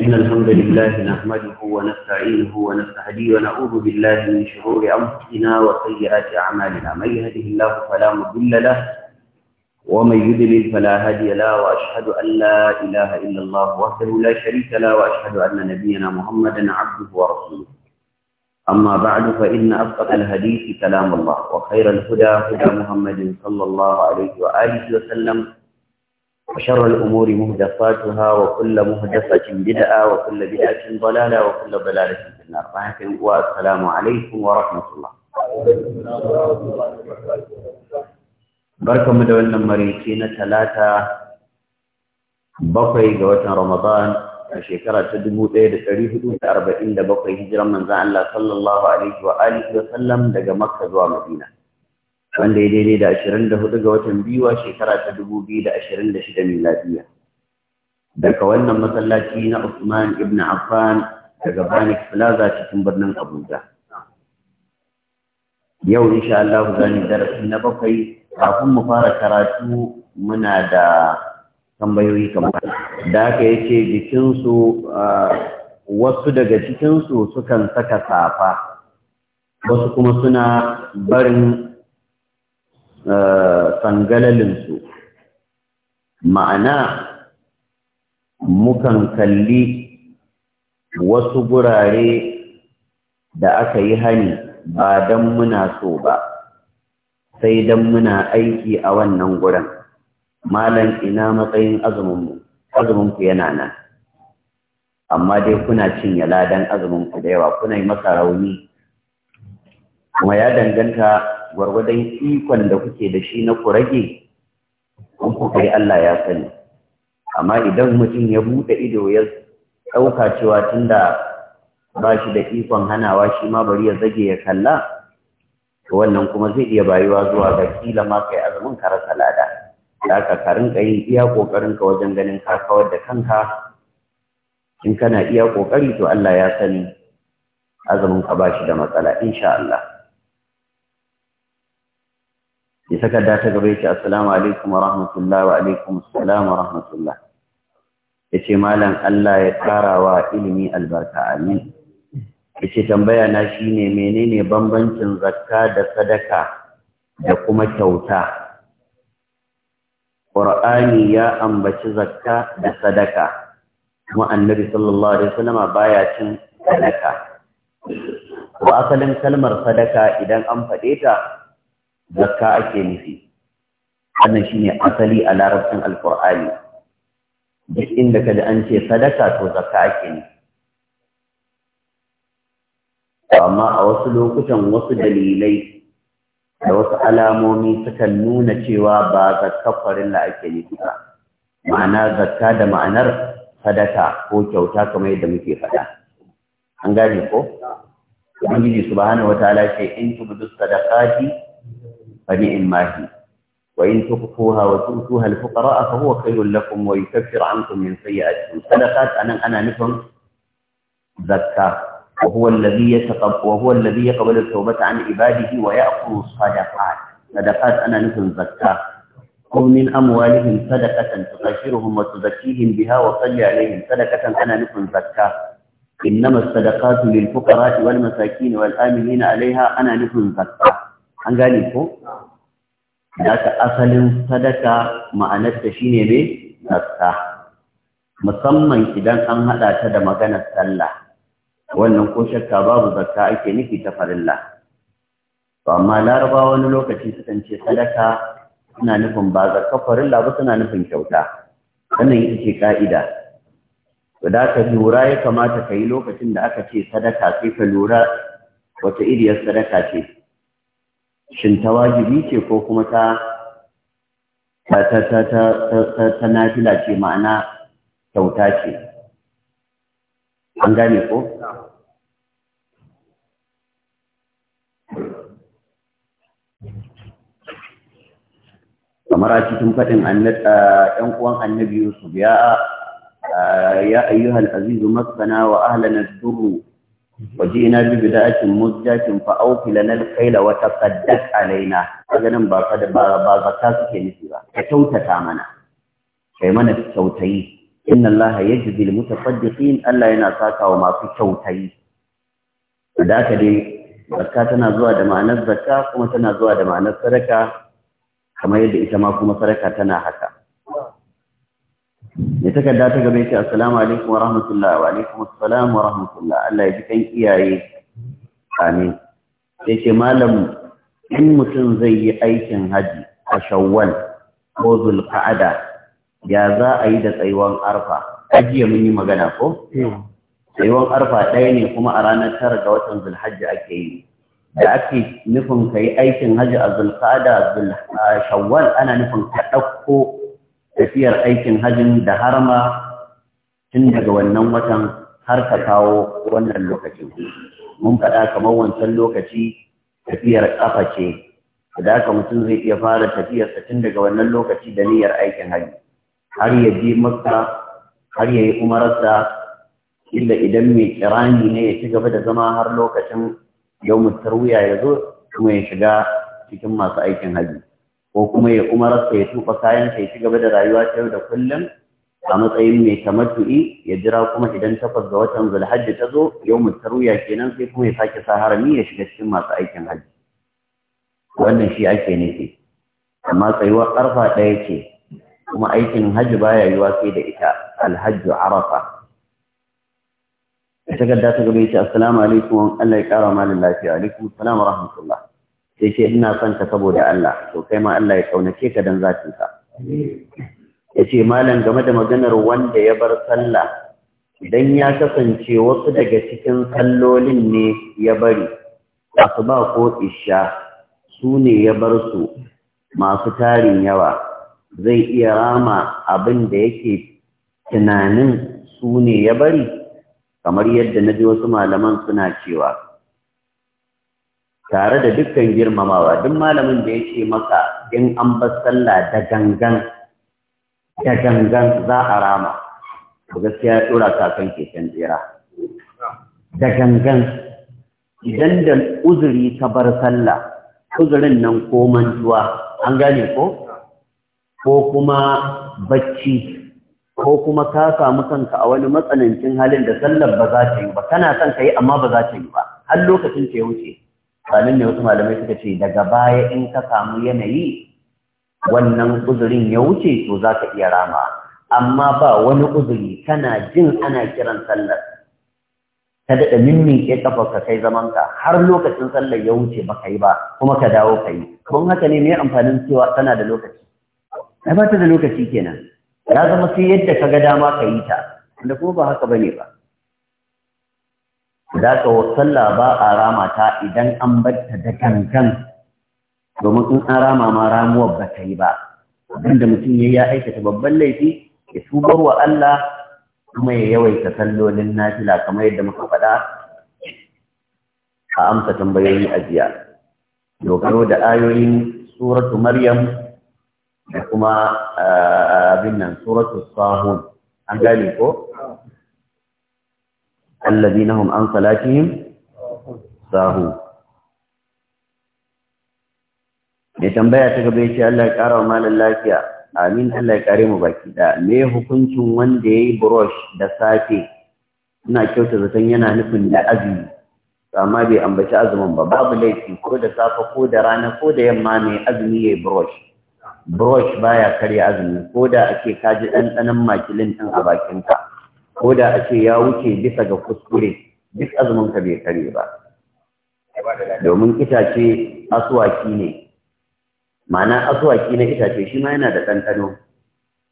إن الحمد لله نحمده ونستعينه ونستهديه ونعوذ بالله من شرور أنفسنا وسيئات أعمالنا من يهده الله فلا مضل له ومن يضلل فلا هادي له وأشهد أن لا إله إلا الله وحده لا شريك له وأشهد أن نبينا محمدا عبده ورسوله أما بعد فإن أصدق الحديث كلام الله وخير الهدى هدى محمد صلى الله عليه وآله وسلم وشر الأمور مهدفاتها وكل مهدفة بدعة وكل بدعة ضلالة وكل ضلالة في النار والسلام عليكم ورحمة الله barkanmu da wannan marici na talata bakwai ga watan ramadan a shekara ta dubu ɗaya da ɗari hudu da arba'in da bakwai hijiran manzan Allah sallallahu alaihi sallam daga makka zuwa madina wanda ya daidai da ashirin da hudu ga watan biyuwa shekara ta dubu biyu da ashirin da shida lafiya. daga wannan masallaci na Usman ibn Affan daga Banik Plaza cikin birnin Abuja yau insha Allah za mu darasi na bakwai kafin mu fara karatu muna da tambayoyi kamar da yi yace jikinsu wasu daga cikinsu sukan saka safa wasu kuma suna barin Eh, sangalalinsu ma'ana mukan kalli wasu gurare da aka yi hani ba don muna so ba sai don muna aiki a wannan guren malam ina matsayin azuminmu azuminku yana nan amma dai kuna cinye ladan azuminku da yawa kuna yi masa rauni kuma ya danganta gwargwadon ikon da kuke da shi na ku rage kun kai Allah ya sani amma idan mutum ya buɗe ido ya ɗauka cewa tunda ba shi da ikon hanawa shi ma bari ya zage ya kalla to wannan kuma zai iya bayuwa zuwa ga kila ma kai azumin ka rasa lada da ka rinka yin iya kokarin ka wajen ganin ka kawar da kanka in kana iya kokari to Allah ya sani azumin ka ba shi da matsala insha Allah ya saka da ta gaba yake assalamu alaikum wa rahmatullahi wa alaikum assalam wa rahmatullah yace malam Allah ya kara wa ilimi albarka amin yace tambaya na shine menene bambancin zakka da sadaka da kuma kyauta Qur'ani ya ambaci zakka da sadaka kuma annabi sallallahu alaihi wasallam baya cin sadaka ko asalin kalmar sadaka idan an faɗe ta zakka ake nufi wannan shine asali a larabcin alqur'ani duk inda ka ji an ce sadaka to zakka ake nufi amma a wasu lokutan wasu dalilai da wasu alamomi sukan nuna cewa ba zakka farilla ake nufi ba ma'ana zakka da ma'anar sadaka ko kyauta kamar yadda muke faɗa an gane ko ubangiji subhanahu ta'ala ce in sadaka sadaqati بني ما وإن تخفوها وتؤتوها الفقراء فهو خير لكم ويكفر عنكم من سيئاتكم صدقات أنا أنا نفهم زكاة وهو الذي يتقب وهو الذي يقبل التوبة عن عباده ويأخذ الصدقات صدقات أنا نفهم زكاة خذ من أموالهم صدقة تقشرهم وتزكيهم بها وصل عليهم صدقة أنا نفهم زكاة إنما الصدقات للفقراء والمساكين والآمنين عليها أنا نفهم زكاة an gane ko da asalin sadaka ma'anarta shine ne zakka musamman idan an hada ta da maganar sallah wannan ko shakka babu zakka ake nufi ta farilla amma laraba wani lokaci sukan ce sadaka suna nufin ba zakka farilla ba suna nufin kyauta wannan ita ce ka'ida da ka lura ya kamata ka yi lokacin da aka ce sadaka sai ka lura wata iriyar sadaka ce shin ta wajibi ce ko kuma ta ta ta ta ta ta nafila ce ma'ana kyauta ce an gane ko kamar a cikin faɗin ɗan uwan annabi Yusuf ya ya ayyuhal azizu maskana wa ahlana durru وجئنا ببداية مزجة فأوف لنا الخيل وتصدق علينا فجنن با قد با زكاة suke nufi ba ka kyautata mana kai mana kyautayi inna Allah yajzi almutasaddiqin Allah yana saka wa masu kyautayi da dai zakka tana zuwa da ma'anar zakka kuma tana zuwa da ma'anar sadaka kamar yadda ita ma kuma sadaka tana haka mai takarda ta gaba ce assalamu alaikum wa rahmatullah wa alaikum assalam wa rahmatullah Allah ya ji kan iyaye amin sai ce malam in mutum zai yi aikin haji a shawwal ko zulqa'ada ya za a yi da tsayuwan arfa ajiya mun yi magana ko hmm. tsayuwan arfa ɗaya ne kuma a ranar tara ga watan zulhajji ake yi da ake nufin ka yi aikin haji a zulqa'ada shawwal ana nufin ka ɗauko tafiyar aikin hajjin da harma tun daga wannan watan har ka kawo wannan lokacin mun faɗa kamar wancan lokaci tafiyar ƙafa ce da haka mutum zai iya fara tafiyarsa tun daga wannan lokaci da niyyar aikin hajji har ya je maka har ya yi umararsa illa idan mai kirani ne ya ci gaba da zama har lokacin yau mutar wuya ya zo kuma ya shiga cikin masu aikin hajji ko kuma ya umarasa ya tuba kayan sa ya ci gaba da rayuwa ta yau da kullum a matsayin mai tamattu'i ya jira kuma idan takwas ga watan zulhajji ta zo yau ya kenan sai kuma ya sake sa harami ya shiga cikin masu aikin hajji wannan shi ake nufi amma tsayuwar arfa ɗaya ce kuma aikin hajji baya yiwa sai da ita alhajju arafa takarda ta gaba ya ce assalamu alaikum Allah ya kara malin lafiya alaikum assalamu rahmatullah sai ce ina son ka saboda Allah to kai ma Allah ya kaunace ka dan zatin ka ya ce malam game da maganar wanda ya bar sallah idan ya kasance wasu daga cikin sallolin ne ya bari ba ko isha su ne ya bar su masu tarin yawa zai iya rama abin da yake tunanin su ne ya bari kamar yadda na ji wasu malaman suna cewa tare da dukkan girmamawa duk malamin da ya ce maka in an bar sallah da gangan da gangan za a rama to gaskiya ya tura kakan keken tsira da gangan idan da uzuri ka bar sallah uzurin nan ko mantuwa an gane ko ko kuma bacci ko kuma ka samu kanka a wani matsanancin halin da sallar ba za ta yi ba kana son ka yi amma ba za ta yi ba har lokacin ta ya wuce sanin ne wasu malamai suka ce daga baya in ka samu yanayi wannan uzurin ya wuce to za ka iya rama amma ba wani uzuri kana jin ana kiran sallar ka daɗa kafa ka kai zaman ka har lokacin sallar ya wuce ba ka yi ba kuma ka dawo ka yi kun haka ne mai amfanin cewa tana da lokaci na ba ta da lokaci kenan ya zama sai yadda ka ga dama ka yi ta wanda kuma ba haka ba ne ba da ka sallah ba a rama ta idan an batta da gangan domin in an rama ma ramuwar ba ta yi ba abinda mutum ya ya aikata babban laifi ya tubar wa Allah kuma ya yawaita sallolin nafila kamar yadda muka faɗa a amsa tambayoyi a jiya dogaro da ayoyin suratu maryam da kuma ah, abin nan suratu sahun an gane ko الذين هم عن صلاتهم sahu mai tambaya ta gaba ce Allah ya ƙara wa Malam lafiya amin Allah ya ƙare mu baki da me hukuncin wanda ya yi brush da safe ina kyauta zaton yana nufin da azumi amma bai ambaci azumin ba babu laifi ko da safe ko da rana ko da yamma mai azumi ya yi brush brush baya karya azumi ko da ake kaji ɗanɗanon makilin ɗin a bakinka ko da a ce ya wuce bisa ga kuskure duk azumin ka bai kare ba domin itace asuwaki ne ma'ana asuwaki na itace shi ma yana da ɗanɗano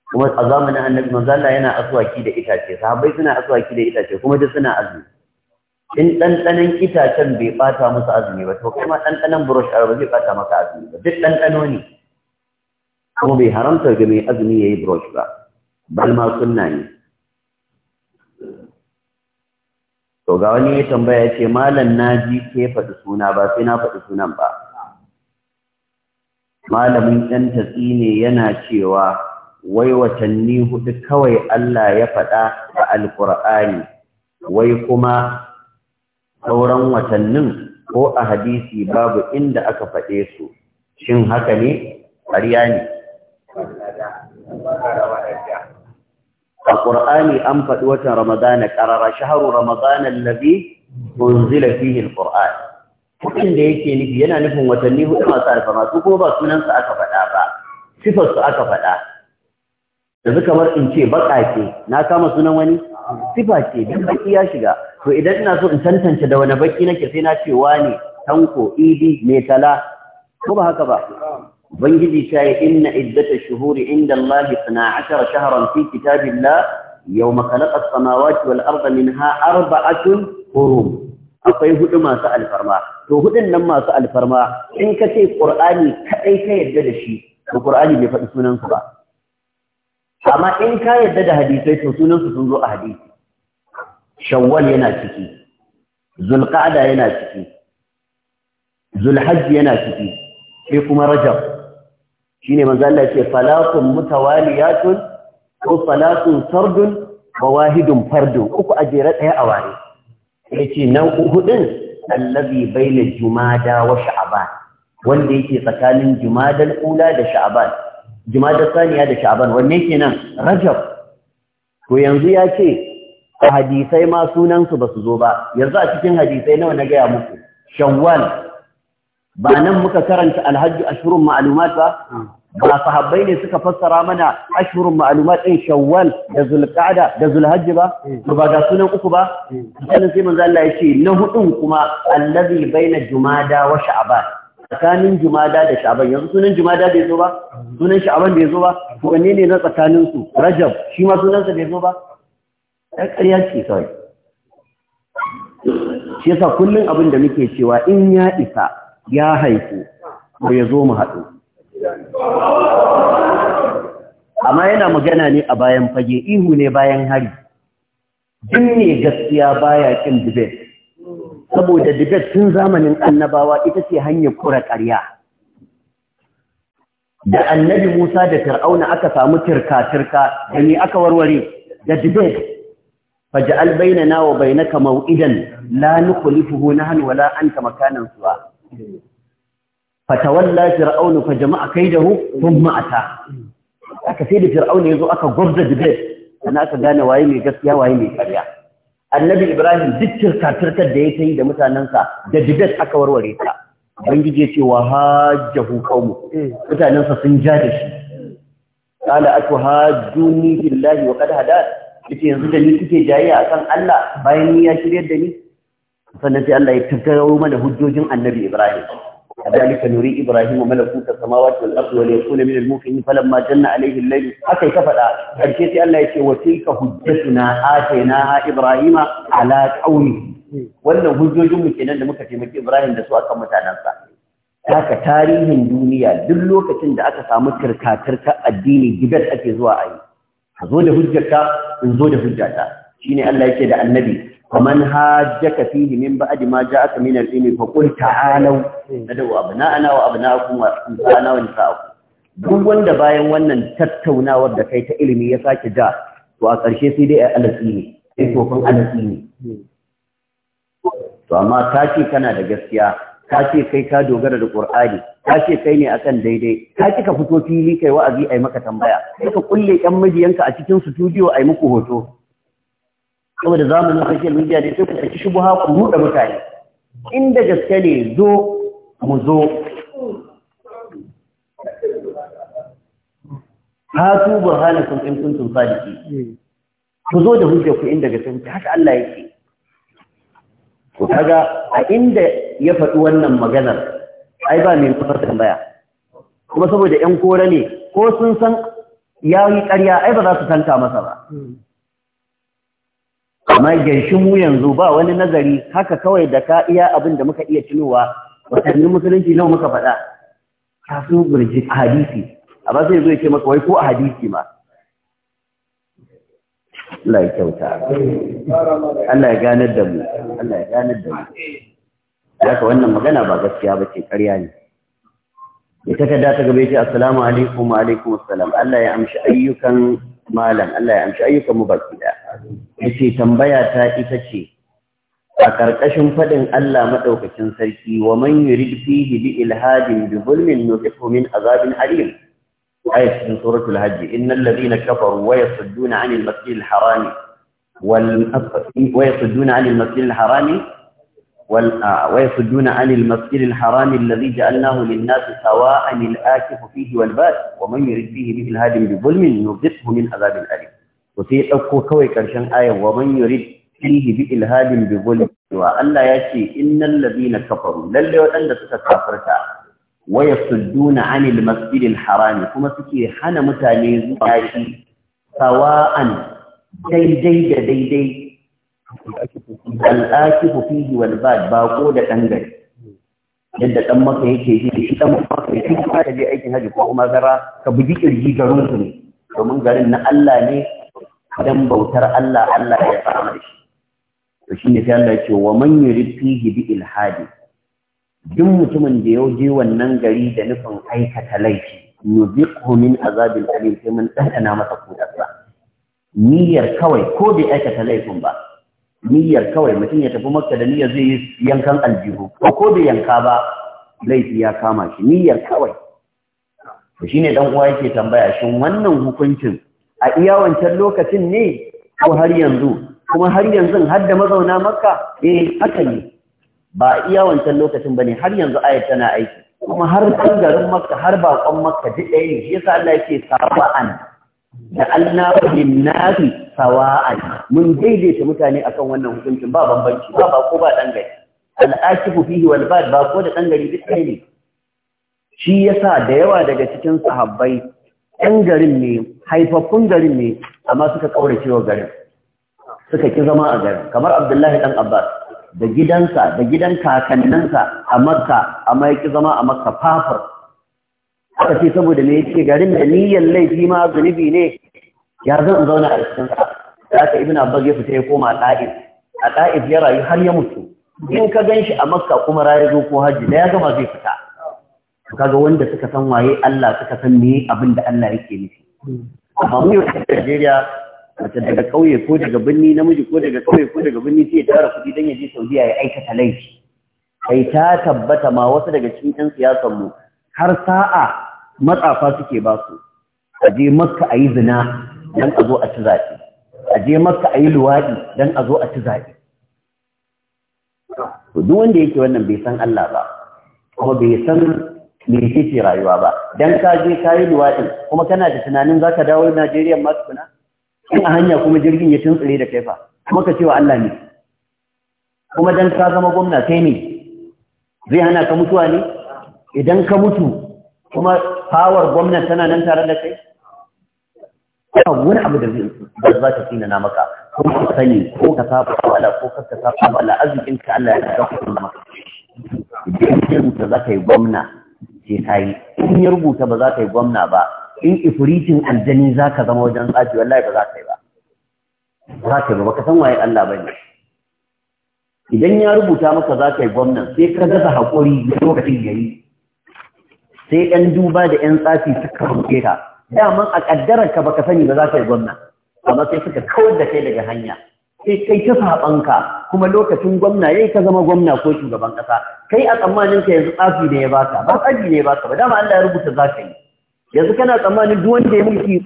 kuma a zamanin annabi manzo Allah yana asuwaki da itace sahabbai suna asuwaki da itace kuma duk suna azumi in ɗanɗanon itacen bai ɓata musu azumi ba to kuma ɗanɗanon burush arba zai ɓata maka azumi ba duk ɗanɗano ne kuma bai haramta ga mai azumi ya yi burush ba bal ma sunna ne to ga wani ya tambaya ce malam na ji ke faɗi suna ba sai na faɗi sunan ba malamin ɗan tatsi ne yana cewa wai watanni hudu kawai Allah ya faɗa a alƙur'ani wai kuma sauran watannin ko a hadisi babu inda aka faɗe su shin haka ne ƙarya ne القرآن أنفت وتن رمضان قرر ramadana رمضان الذي منزل فيه القرآن فكين da yake nufi yana nufin watanni hudu masu alfama su kuma ba sunansa aka faɗa ba sifarsu aka faɗa yanzu kamar in ce baƙa ce na kama sunan wani sifa ce don baki ya shiga to idan ina so in tantance da wani baki nake sai na cewa ne tanko idi metala ko ba haka ba ubangiji ta yi inna iddata shuhuri inda Allah suna ashara shaharan fi kitabillah yau makalakar samawati wal arda min ha arba'atun hurum akwai hudu masu alfarma to hudun nan masu alfarma in ka ce qur'ani kadai ka yadda da shi to qur'ani bai faɗi sunansu ba amma in ka yadda da hadisai to sunansu sun zo a hadisi shawwal yana ciki zulqa'da yana ciki zulhajj yana ciki sai kuma rajab shine manzo Allah yake salatun mutawaliyatun ko salatun sardun wa wahidun fardun uku a jere a ware yace nan hudun allazi baina jumada wa sha'ban wanda yake tsakanin jumadal ula da sha'ban jumadal saniya da sha'ban wanne kenan rajab Ko yanzu yace a hadisai ma sunansu ba su zo ba yanzu a cikin hadisai nawa na gaya muku shawwal ba nan muka karanta Alhaji ashhurun ma'lumat ba ba sahabbai ne suka fassara mana ashirin ma'lumat din shawwal da zulqa'da da zulhajj ba to ba ga sunan uku ba sannan sai manzo Allah yace na hudun kuma allazi baina jumada wa sha'ban tsakanin jumada da sha'ban yanzu sunan jumada bai zo ba sunan sha'ban bai zo ba to wanne ne na tsakanin su rajab shi ma sunansa bai zo ba ɗan ƙarya ce kawai shi yasa kullum abin da muke cewa in ya isa ya haifu ko ya zo mu haɗu amma yana magana ne a bayan fage ihu ne bayan hari duk ne gaskiya baya ƙin dubet, saboda dubet tun zamanin annabawa ita ce hanyar kura ƙarya da annabi Musa da Fir'auna aka samu turka-turka, da ne aka warware da debate albaina bainana wa bainaka kama la nukhlifuhu hunahan wala anta makanan suwa fatawalla fir'aun fa jama'a kaidahu thumma ata aka sai da fir'aun yazo aka gwabza dibet dan aka gane waye mai gaskiya waye mai ƙarya annabi ibrahim duk tirka da ya yi da mutanansa da dibet aka warware ta ubangiji ya ce wa hajjahu qaumu mutanensa sun ja da shi qala atu hajjuni billahi wa qad hada yace yanzu da ni kike jayayya akan Allah bayan ni ya shiryar da ni sannan sai Allah ya tattaro mana hujjojin annabi Ibrahim كذلك نري ابراهيم ma janna والارض وليكون من الموقنين فلما جن عليه الليل حتى كفدا ارشيت الله يكي وتلك حجتنا اتيناها Ibrahim ala قومه wannan hujjojin mu kenan da muka taimaki Ibrahim da su akan mutanansa haka tarihin duniya duk lokacin da aka samu kirkatirka addini gidan ake zuwa ayi ka zo da hujjarka in zo da hujjata shine Allah yake da annabi ومن هاجك فيه من بعد ما جاءك من العلم فقل تعالوا ندعو أبناءنا وأبناءكم ونساءنا ونساءكم duk wanda bayan wannan tattaunawar da kai ta ilimi ya sake ja to a ƙarshe sai dai alatsi ne sai tofin alatsi ne to amma ka ce kana da gaskiya ka ce kai ka dogara da Qur'ani ka ce kai ne akan daidai ka ki ka fito fili kai wa'azi ai maka tambaya sai ka kulle ƴan mijiyanka a cikin studio ai muku hoto saboda zamanin social media dai sai ku saki shubuha ku ruɗa mutane inda gaske ne zo mu zo hatu burhanakum in kuntum sadiqin ku zo da hujja ku inda gaske ku haka Allah yake ku kaga a inda ya faɗi wannan maganar ai ba mai kufar tambaya kuma saboda ƴan kore ne ko sun san ya yi ƙarya ai ba za su tanka masa ba amma ganshin mu yanzu ba wani nazari haka kawai da ka iya abin da muka iya tunowa watannin musulunci nawa muka faɗa ta su gurji a hadisi a ba sai zo ce maka wai ko a hadisi ma Allah ya kyauta Allah ya ganar da mu Allah ya ganar da mu haka wannan magana ba gaskiya ba ce ƙarya ne ita ta da ta gabe ce assalamu alaikum wa alaikum assalam Allah ya amshi ayyukan malam Allah ya amshi ayyukan mu baki da ce tambaya ta ita ce a ƙarƙashin faɗin Allah maɗaukacin sarki wa man yurid fihi bi ilhadin bi zulmin nuqifu min azabin alim ayat cikin suratul hajji innal ladina kafaru wa yasudduna 'anil masjidil harami wal masjidil harami ويصدون عن المسجد الحرام الذي جعلناه للناس سواء الآكف فيه والباد ومن يرد فيه به الهادم بظلم نذقه من عذاب أليم وفي أكو كوي كرشان آية ومن يرد فيه بإلهاد بظلم وألا يأتي إن الذين كفروا للي وأن تتكافرتا ويصدون عن المسجد الحرام كما سكي حنا متاني سواء ديدي ديدي al'akifu fihi wal ba bako da ɗan gari yadda ɗan maka yake ji shi ɗan maka yake ji ka je aikin haji ko kuma zara ka bugi ƙirji garin ku ne domin garin na Allah ne dan bautar Allah Allah ya fara shi to shine sai Allah ya ce wa man yurid fihi bi ilhadi duk mutumin da ya je wannan gari da nufin aikata laifi nuziqhu min azabil alim sai mun dandana masa kudarsa niyyar kawai ko bai aikata laifin ba niyyar kawai mutum ya tafi makka da niyyar zai yi yankan aljihu ko ko bai yanka ba laifi ya kama shi niyyar kawai to shine dan uwa yake tambaya shin wannan hukuncin a iya wancan lokacin ne ko har yanzu kuma har yanzu har da mazauna makka eh haka ne ba a iya wancan lokacin bane har yanzu ayat tana aiki kuma har garin makka har bakon makka duk ɗaya ne shi yasa Allah yake saba'an da annabi nasi sawa'an mun daidaita mutane akan wannan hukuncin ba bambanci ba ba ko ba dangare al'akifu fihi wal bad ba ko da dangare duk ɗaya ne shi yasa da yawa daga cikin sahabbai ɗan garin ne haifaffun garin ne amma suka kaura cewa garin suka ki zama a garin kamar Abdullahi dan Abbas da gidansa da gidan kakanninsa a Makka amma ya ki zama a Makka fafar aka ce saboda me yake garin da niyyar laifi ma zunubi ne ya zan zauna a cikin sa da aka ibn abbas ya fita ya koma qa'id a qa'id ya rayu har ya mutu in ka ganshi a makka kuma rayu zo ko hajji da ya gama zai fita kaga wanda suka san waye Allah suka san me abin da Allah yake nufi amma mu a Najeriya mace daga kauye ko daga birni namiji ko daga kauye ko daga birni sai ya tara kuɗi dan ya je Saudiya ya aikata laifi kai ta tabbata ma wasu daga cikin ɗan siyasar mu har sa'a matsafa suke ba su a je makka a yi zina don a zo a ci zaɓe a je maka a yi luwaɗi don a zo a ci zaɓe duk wanda yake wannan bai san Allah ba kuma bai san me yake rayuwa ba dan ka je ka yi luwaɗi kuma kana da tunanin zaka dawo Najeriya ma tukuna in a hanya kuma jirgin ya tuntsire da kai fa kuma ka cewa Allah ne kuma dan ka zama gwamna kai ne zai hana ka mutuwa ne idan ka mutu kuma power gwamnati tana nan tare da kai ba wani abu da za ka tsinana maka ko ka sani ko ka saba wala ko ka saba wala arzikin ka Allah ya ga ku maka idan ya rubuta za ka yi gwamna ke ka in ya rubuta ba za ka yi gwamna ba in ifritin aljani za ka zama wajen tsafi wallahi ba za ka yi ba za ka yi ba ka san waye Allah ba ne idan ya rubuta maka za ka yi gwamna sai ka da haƙuri lokacin yayi sai dan duba da 'yan tsafi suka rubuta daman a kaddarar ka baka sani ba za ka yi gwamna amma sai suka kawar da kai daga hanya sai kai ta sabanka kuma lokacin gwamna yai ka zama gwamna ko shugaban ƙasa. kai a tsammanin ka yanzu tsafi ne ya baka ba tsafi ne ya baka ba dama Allah ya rubuta za ka yi yanzu kana tsammanin duk wanda ya mulki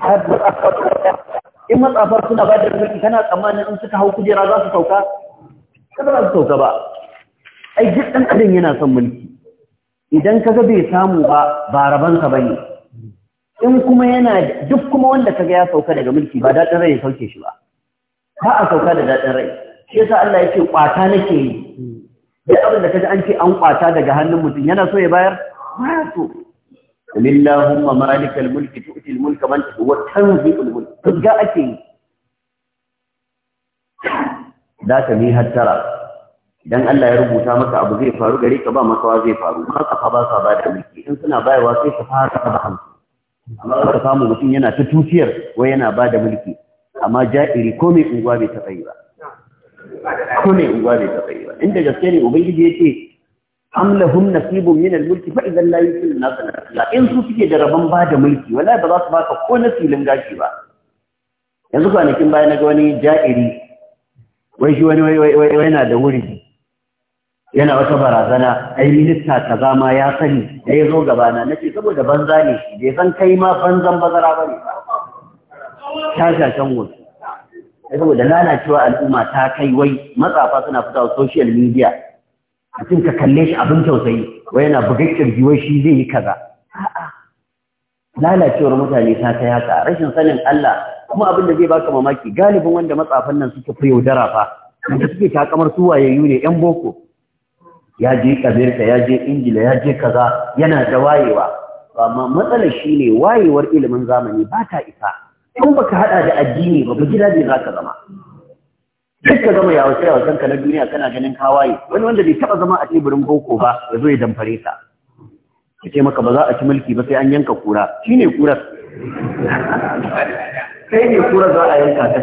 in matsafar suna ba da mulki kana tsammanin in suka hau kujera za su sauka kada za su sauka ba ai duk ɗan adam yana son mulki idan kaga bai samu ba ba rabansa bane in kuma yana duk kuma wanda kaga ya sauka daga mulki ba daɗin rai ya sauke shi ba ba a sauka da daɗin rai shi yasa Allah ya ce kwata nake yi duk abin da kaji an ce an kwata daga hannun mutum yana so ya bayar ba so lillahumma malikal mulki tu'til mulka man tasha wa tanzi'ul mulk kaga ake yi za ka ni hattara idan Allah ya rubuta maka abu zai faru gare ka ba makawa zai faru ma kafa ba sa ba da mulki in suna bayarwa sai ka fara ba hamsin amma ka samu mutum yana ta tutiyar wai yana ba da mulki amma ja'iri ko mai unguwa bai taɓa yi ba ko mai unguwa bai taɓa yi ba inda gaske ne ubangiji ya ce am lahum nasibun min al-mulki fa idan la yusil nas la in su suke da rabon ba da mulki wallahi ba za su baka ko nasilin gashi ba yanzu kwanakin baya na ga wani ja'iri wai shi wani wai wai wai yana da wuri yana wata barazana ai minista ta zama ya sani da yi zo gaba na ce saboda banza ne bai san kai ma banzan bazara ba ne shashen wasu ai saboda lalacewa al'umma ta kai wai matsafa suna fita social media mutum ka kalle shi abin tausayi wai yana bugar kirji wai shi zai yi kaza lalacewar mutane ta kai haka rashin sanin Allah kuma abin da zai baka mamaki galibin wanda matsafan nan suke fi yaudara fa da suke takamar su wayayyu ne yan boko ya je amerika ya je ingila ya je kaza yana da wayewa amma matsalar shi ne wayewar ilimin zamani ba ta isa in baka hada da addini ba ba gida za ka zama duk ka gama ya wasu yawon ka na duniya kana ganin kawaye wani wanda bai taba zama a teburin boko ba ya zo ya damfare ta ya ce maka ba za a ci mulki ba sai an yanka kura Shi ne kurar sai ne kurar za a yanka ta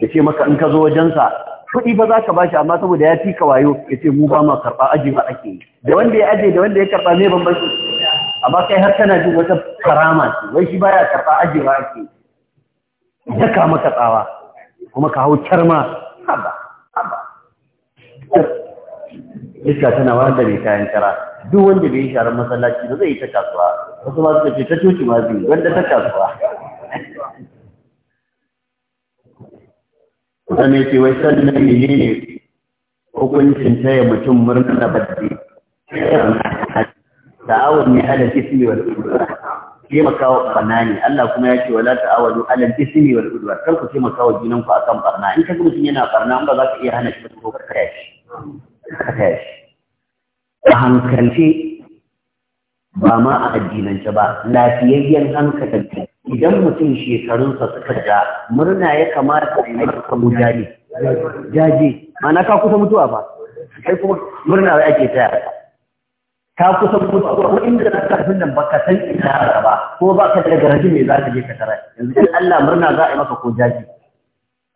ya ce maka in ka zo wajensa kuɗi ba za ka ba shi amma saboda ya fi kawayo ya ce mu ba ma karɓa aji ma ake yi da wanda ya aje da wanda ya karɓa mai bambanci amma kai har kana jin wata karama ce wai shi baya karɓa aji ma ake yi ya kama maka tsawa kuma ka hau kyarma haba haba iska tana wanda mai kayan kara duk wanda bai yi sharar masallaci ba zai yi ta kasuwa wasu ma suka ce ta coci ma zai wanda ta kasuwa sannan ce wai sannan ne ne hukuncin taya mutum murna da baddi ta'awun ne ala ismi wal udwa taimaka wa barna ne Allah kuma ya ce wala ta'awadu ala ismi wal udwa kar ku taimaka wa junan ku akan barna in kaga mutum yana barna ba za ka iya hana shi ko ka kaya shi ka kaya shi a hankalce ba ma a addinance ba lafiyayyen hankalinka idan mutum shekarunsa suka ja murna ya kamata a yi kamu jaje jaje mana ka kusa mutuwa ba kai kuma murna wai ake taya ka kusa mutuwa ko inda na karfin nan baka san ina ba ko ba ka daga rajin me za ka je ka tara yanzu Allah murna za a yi maka ko jaje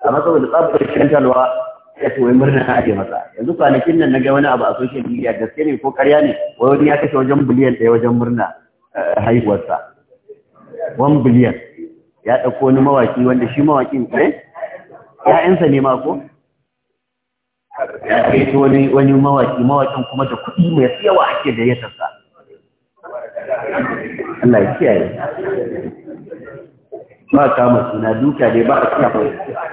amma saboda tsabar talwa ya ce wai murna ta aje masa yanzu kwanakin nan na ga wani abu a social media gaske ne ko karya ne wai wani ya kashe wajen biliyan ɗaya wajen murna eh, haihuwarsa wan biliyan ya ɗauko wani mawaki wanda shi mawakin ne eh? ya'yansa ne ma ko ya kai wani wani mawaki mawakin kuma da kuɗi mai yawa ake da ya tasa Allah ya kiyaye ba kama suna duka dai ba a kiyaye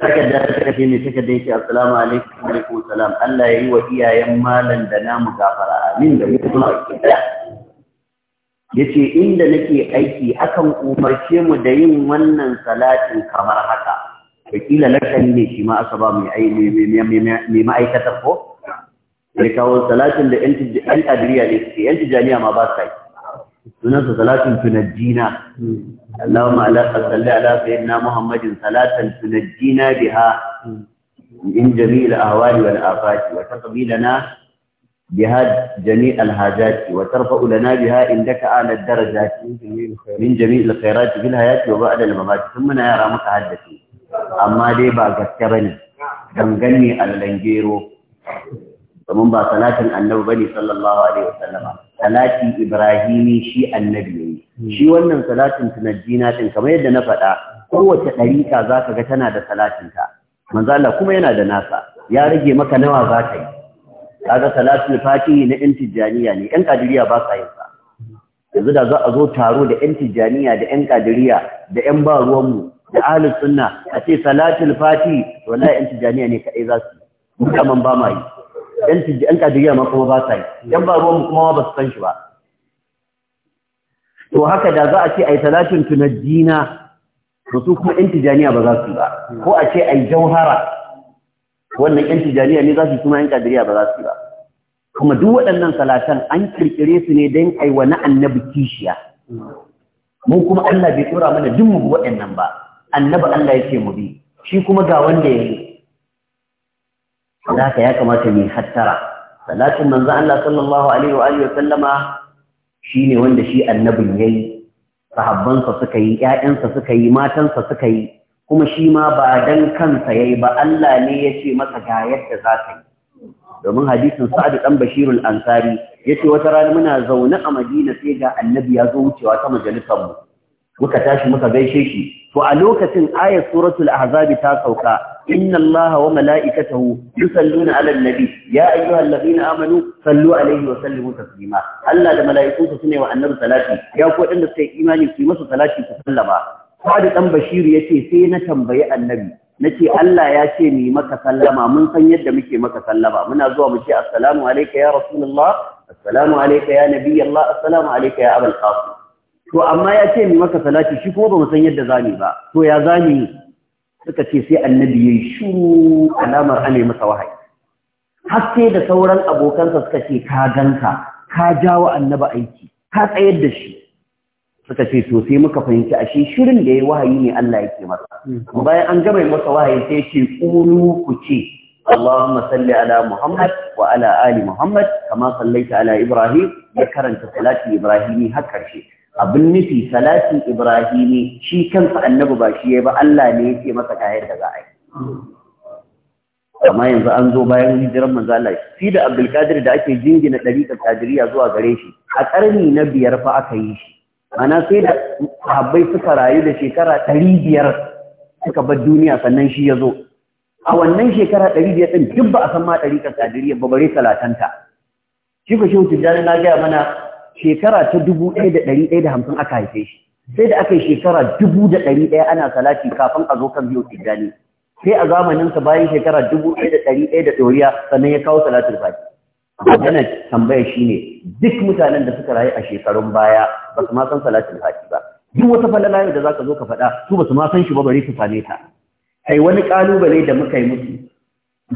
takarda ta karshe mai takarda yake assalamu alaikum wa alaikum salam Allah ya yi wa iyayen malam da namu gafara amin da mu kuma ke daya yace inda nake aiki akan umarce mu da yin wannan salatin kamar haka wakila lakani ne shi ma aka ba mu mai ma'aikatar ko ya kawo salatin da yan adiriya ne suke yan tijaniya ma ba sa yi Sunan salatun tunajjina Allahu ma'ala salli ala sayyidina Muhammadin salatan tunajjina biha in jami'il ahwali wal afati wa taqbilana biha jami'al hajati wa tarfa'u lana biha indaka ala darajati min jami'il khairati fil hayati wa ba'da al mamati thumma nara maka hadati amma dai ba gaske bane dangane al langero kuma ba salatin annabi bane sallallahu alaihi wasallam salati ibrahimi shi annabi ne. shi wannan salatin tunajjina din kamar yadda na faɗa kowace ɗarika za ka ga tana da ta manzo Allah kuma yana da nasa ya rage maka nawa za ka yi kaga salatul fatihi na yan tijjaniya ne yan kadiriya ba sa yin sa yanzu da za a zo taro da intijaniya da yan kadiriya da yan ba ruwan mu da ahlus sunna a ce salatul Fati wallahi intijaniya ne kadai za su yi ba ma yi yan yan kadiriya ma kuma ba sa yi yan ba kuma ba su san shi ba to haka da za a ce a yi talatin tunajjina to su kuma yan tijaniya ba za su ba ko a ce a yi jauhara wannan yan tijaniya ne za su kuma yan kadiriya ba za su yi ba kuma duk waɗannan salatan an kirkire su ne don a ai wani annabi kishiya mu kuma Allah bai tura mana duk mu waɗannan ba annabi Allah ya ce mu bi shi kuma ga wanda ya yi da haka ya kamata mai hattara salatin manzo Allah sallallahu alaihi wa alihi sallama shine wanda shi annabin yayi sahabbansa suka yi ƴaƴansa suka yi matansa suka yi kuma shi ma ba dan kansa yayi ba Allah ne ya ce masa ga yadda za ka yi domin hadisin Sa'ad dan Bashir al-Ansari yace wata rana muna zaune a Madina sai ga annabi ya zo wucewa ta majalisar mu muka tashi muka gaishe shi to a lokacin ayat suratul ahzab ta sauka إن الله وملائكته يصلون على النبي يا أيها الذين آمنوا صلوا عليه وسلموا تسليما ألا لملائكته سنة وأنه ثلاثي يا da أن في إيماني في مصر ثلاثي تسلما Sa'adu ɗan Bashiru ya ce sai na tambayi annabi, na ce Allah ya ce ni maka sallama mun san yadda muke maka sallama muna zuwa mu ce assalamu alaika ya Rasulullah, assalamu alaika ya Nabi Allah, assalamu alaika ya Abul Qasim. To amma ya ce ni maka salati shi kuma ba mu san yadda zani ba, to ya zani suka ce sai annabi ya yi shuru alamar ane masa wahayi haske da sauran abokansa suka ce ka ganka ka jawo annabi aiki ka tsayar da shi suka ce to sai muka fahimci ashe shirin da ya wahayi ne Allah yake masa mm-hmm. bayan an gama masa wahayi sai ce qulu ku ce Allahumma salli ala Muhammad wa ala ali Muhammad kama Sallata ala Ibrahim ya karanta salati Ibrahim har karshe abin nufi salati ibrahimi shi kansa annabi ba shi ba Allah ne yake masa kayan da za a yi amma yanzu an zo bayan hijiran manzo Allah shi da Abdul Qadir da ake jingina dariƙar Qadiriyya zuwa gare shi a ƙarni na biyar fa aka yi shi ana sai da sahabbai suka rayu da shekara ɗari biyar suka bar duniya sannan shi ya zo a wannan shekara ɗari biyar ɗin duk ba a san ma ɗariƙar Qadiriyya ba bare salatanta shi ko shi na gaya mana shekara ta dubu ɗaya da ɗari ɗaya da hamsin aka haife shi sai da aka yi shekara dubu da ɗari ɗaya ana salati kafin a zo kan biyu tijjani sai a zamaninsa bayan shekara dubu ɗaya da ɗari ɗaya da ɗoriya sannan ya kawo salatin fati magana tambaya shine duk mutanen da suka rayu a shekarun baya ba su ma san salatin fati ba duk wata falala da za ka zo ka faɗa su ba su ma san shi ba bare su same ta kai wani kalubale da muka yi musu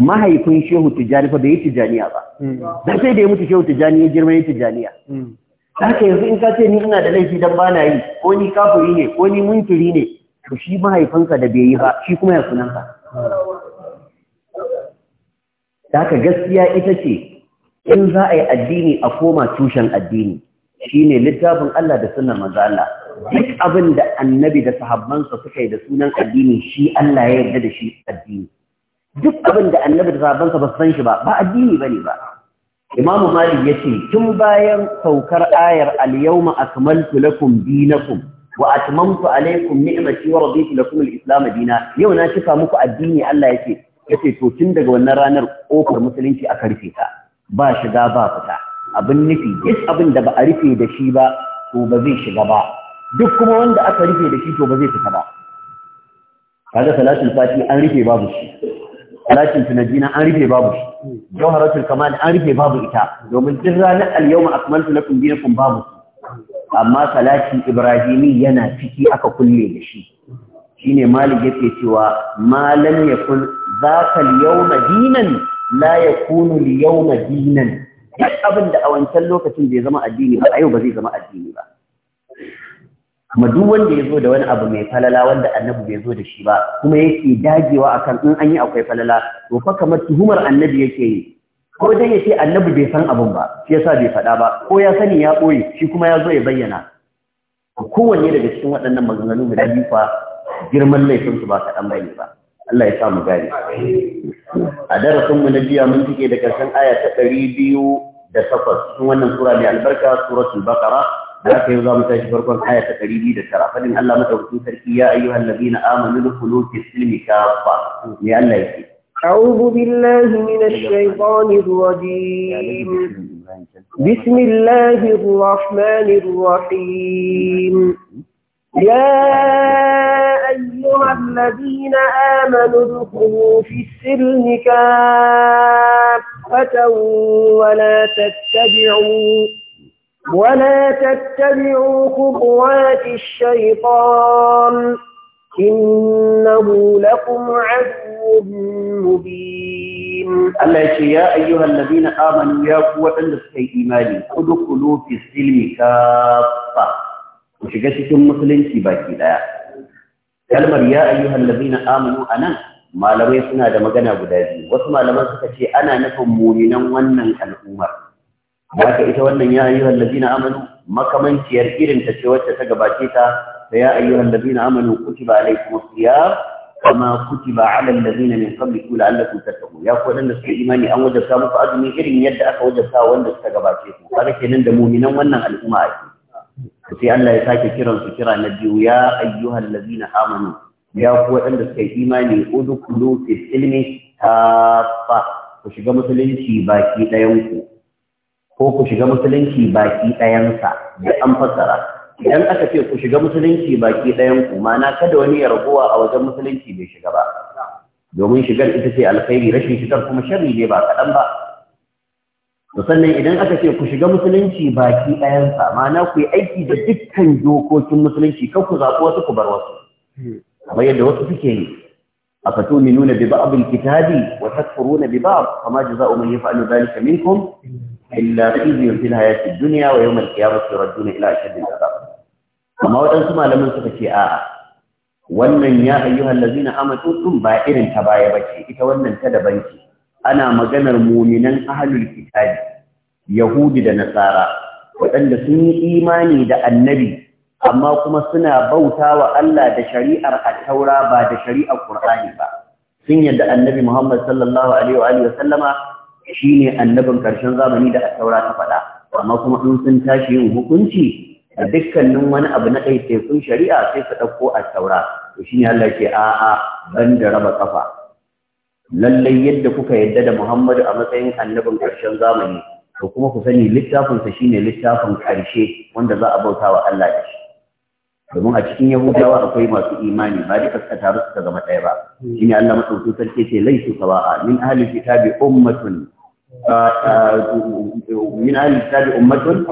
mahaifin shehu tijjani fa bai yi tijjaniya ba hmm. da sai da ya mutu shehu tijjani ya girma ya tijjaniya hmm. haka yanzu in ka ce ni ina da laifi dan ba na yi ko ni kafiri ne ko ni munkiri ne to shi mahaifinka da bai yi ba shi kuma ya da haka gaskiya ita ce in za a yi addini a koma tushen addini shi ne littafin Allah da sunnar manzo Allah duk abin da annabi da sahabbansa suka yi da sunan addini shi Allah ya yarda da shi addini duk abin da annabi da sahabbansa ba su san shi ba ba addini bane ba imamu malik ya ce tun bayan saukar ayar al-yawma akmaltu lakum dinakum wa atmamtu alaykum ni'mati wa raditu lakum al-islam dina yau na cika muku addini Allah yake yace to tun daga wannan ranar kofar musulunci aka rufe ta ba shiga ba fita abin nufi duk abin da ba a rufe da shi ba to ba zai shiga ba duk kuma wanda aka rufe da shi to ba zai fita ba kaga salatul fati an rufe babu shi salatul tunajina an rufe babu shi jawharatul kamal an rufe babu ita domin duk ranar al-yawma akmaltu lakum dinakum babu amma salati ibrahimi yana ciki aka kulle da shi shine malik yake cewa malam ya kun zaka al-yawma dinan la yakunu al-yawma dinan duk abin da a wancan lokacin bai zama addini ba a yau ba zai zama addini ba kuma duk wanda ya zo da wani abu mai falala wanda annabi bai zo da shi ba kuma yake dagewa akan in an yi akwai falala to fa kamar tuhumar annabi yake yi ko dai yake annabi bai san abun ba shi yasa bai faɗa ba ko ya sani ya ɓoye shi kuma ya zo ya bayyana kowanne daga cikin waɗannan maganganu guda biyu fa girman laifin su ba kaɗan bane ba Allah ya sa mu gane a darasin mu na biya mun tike da karshen aya ta ɗari biyu da takwas cikin wannan sura mai albarka suratul baqara ذاك يوزام تشبرك الآية تقريبي دكرا فإن الله مدعوكم تركي يا أيها الذين آمنوا دخلوا في السلم كافة لأن لا يكفي أعوذ بالله من الشيطان الرجيم بسم الله الرحمن الرحيم يا أيها الذين آمنوا ادخلوا في السلم كافة ولا تتبعوا ولا تتبعوا خطوات الشيطان إنه لكم عدو مبين الله يا أيها الذين آمنوا يا قوة لسكي إيماني ادخلوا في السلم كافة وشكشك المسلم في باكي لا كلمة يا أيها الذين آمنوا أنا ما لم يسنا دمجنا بدازي وثم لما سكشي أنا نفهم مولينا ونن الأمر haka ita wannan ya ayyuhal ladina amanu makamanciyar irin ta ce wacce ta gabace ta Da ya ayyuhal ladina amanu kutiba alaykumus siyam kama kutiba ala alladhina min qablikum la'allakum tattaqun ya ku wadanda suke imani an wajabta muku azumi irin yadda aka wajabta wanda suka gabace ku kaga kenan da mu'minan wannan al'umma ake sai Allah ya sake kiran su kira na biyu ya ayyuhal ladina amanu ya ku wadanda suke imani udkhulu fil ilmi tafa ku shiga musulunci baki dayan ku ko ku shiga musulunci baki ɗayansa da an fassara idan aka ce ku shiga musulunci baki ɗayan ku mana kada wani ya ragowa a wajen musulunci bai shiga ba domin shigar ita ce alkhairi rashin shigar kuma sharri ne ba kaɗan ba sannan idan aka ce ku shiga musulunci baki ɗayansa mana ku yi aiki da dukkan dokokin musulunci kan ku zaɓi wasu ku bar wasu kamar yadda wasu suke yi أفتؤمنون ببعض الكتاب وتكفرون ببعض فما جزاء من يفعل ذلك منكم illa khizyun fil hayati dunya wa yawm al-qiyamati yuradduna ila ashaddi al-'adab amma waɗansu malaman suka ce a'a wannan ya ayyuhal ladzina amatu tun ba irin ta baya bace ita wannan ta daban ce ana maganar muminan ahlul kitabi yahudi da nasara waɗanda sun yi imani da annabi amma kuma suna bauta wa Allah da shari'ar at-taura ba da shari'ar qur'ani ba sun yadda annabi Muhammad sallallahu alaihi wa alihi wa sallama shine annabin karshen zamani da saura ta faɗa amma kuma in sun tashi yin hukunci a dukkanin wani abu na ɗai tekun shari'a sai su ɗauko asaura to shine Allah ke a'a ban da raba kafa lallai yadda kuka yadda da Muhammadu a matsayin annabin ƙarshen zamani to kuma ku sani littafinsa shine littafin ƙarshe wanda za a bauta wa Allah da shi domin a cikin yahudawa akwai masu imani ba duka suka taru suka zama ɗaya ba shi ne allah maɗauki sarki ce laisu sawa'a min ahli kitabi ummatun min ahli kitabi ummatun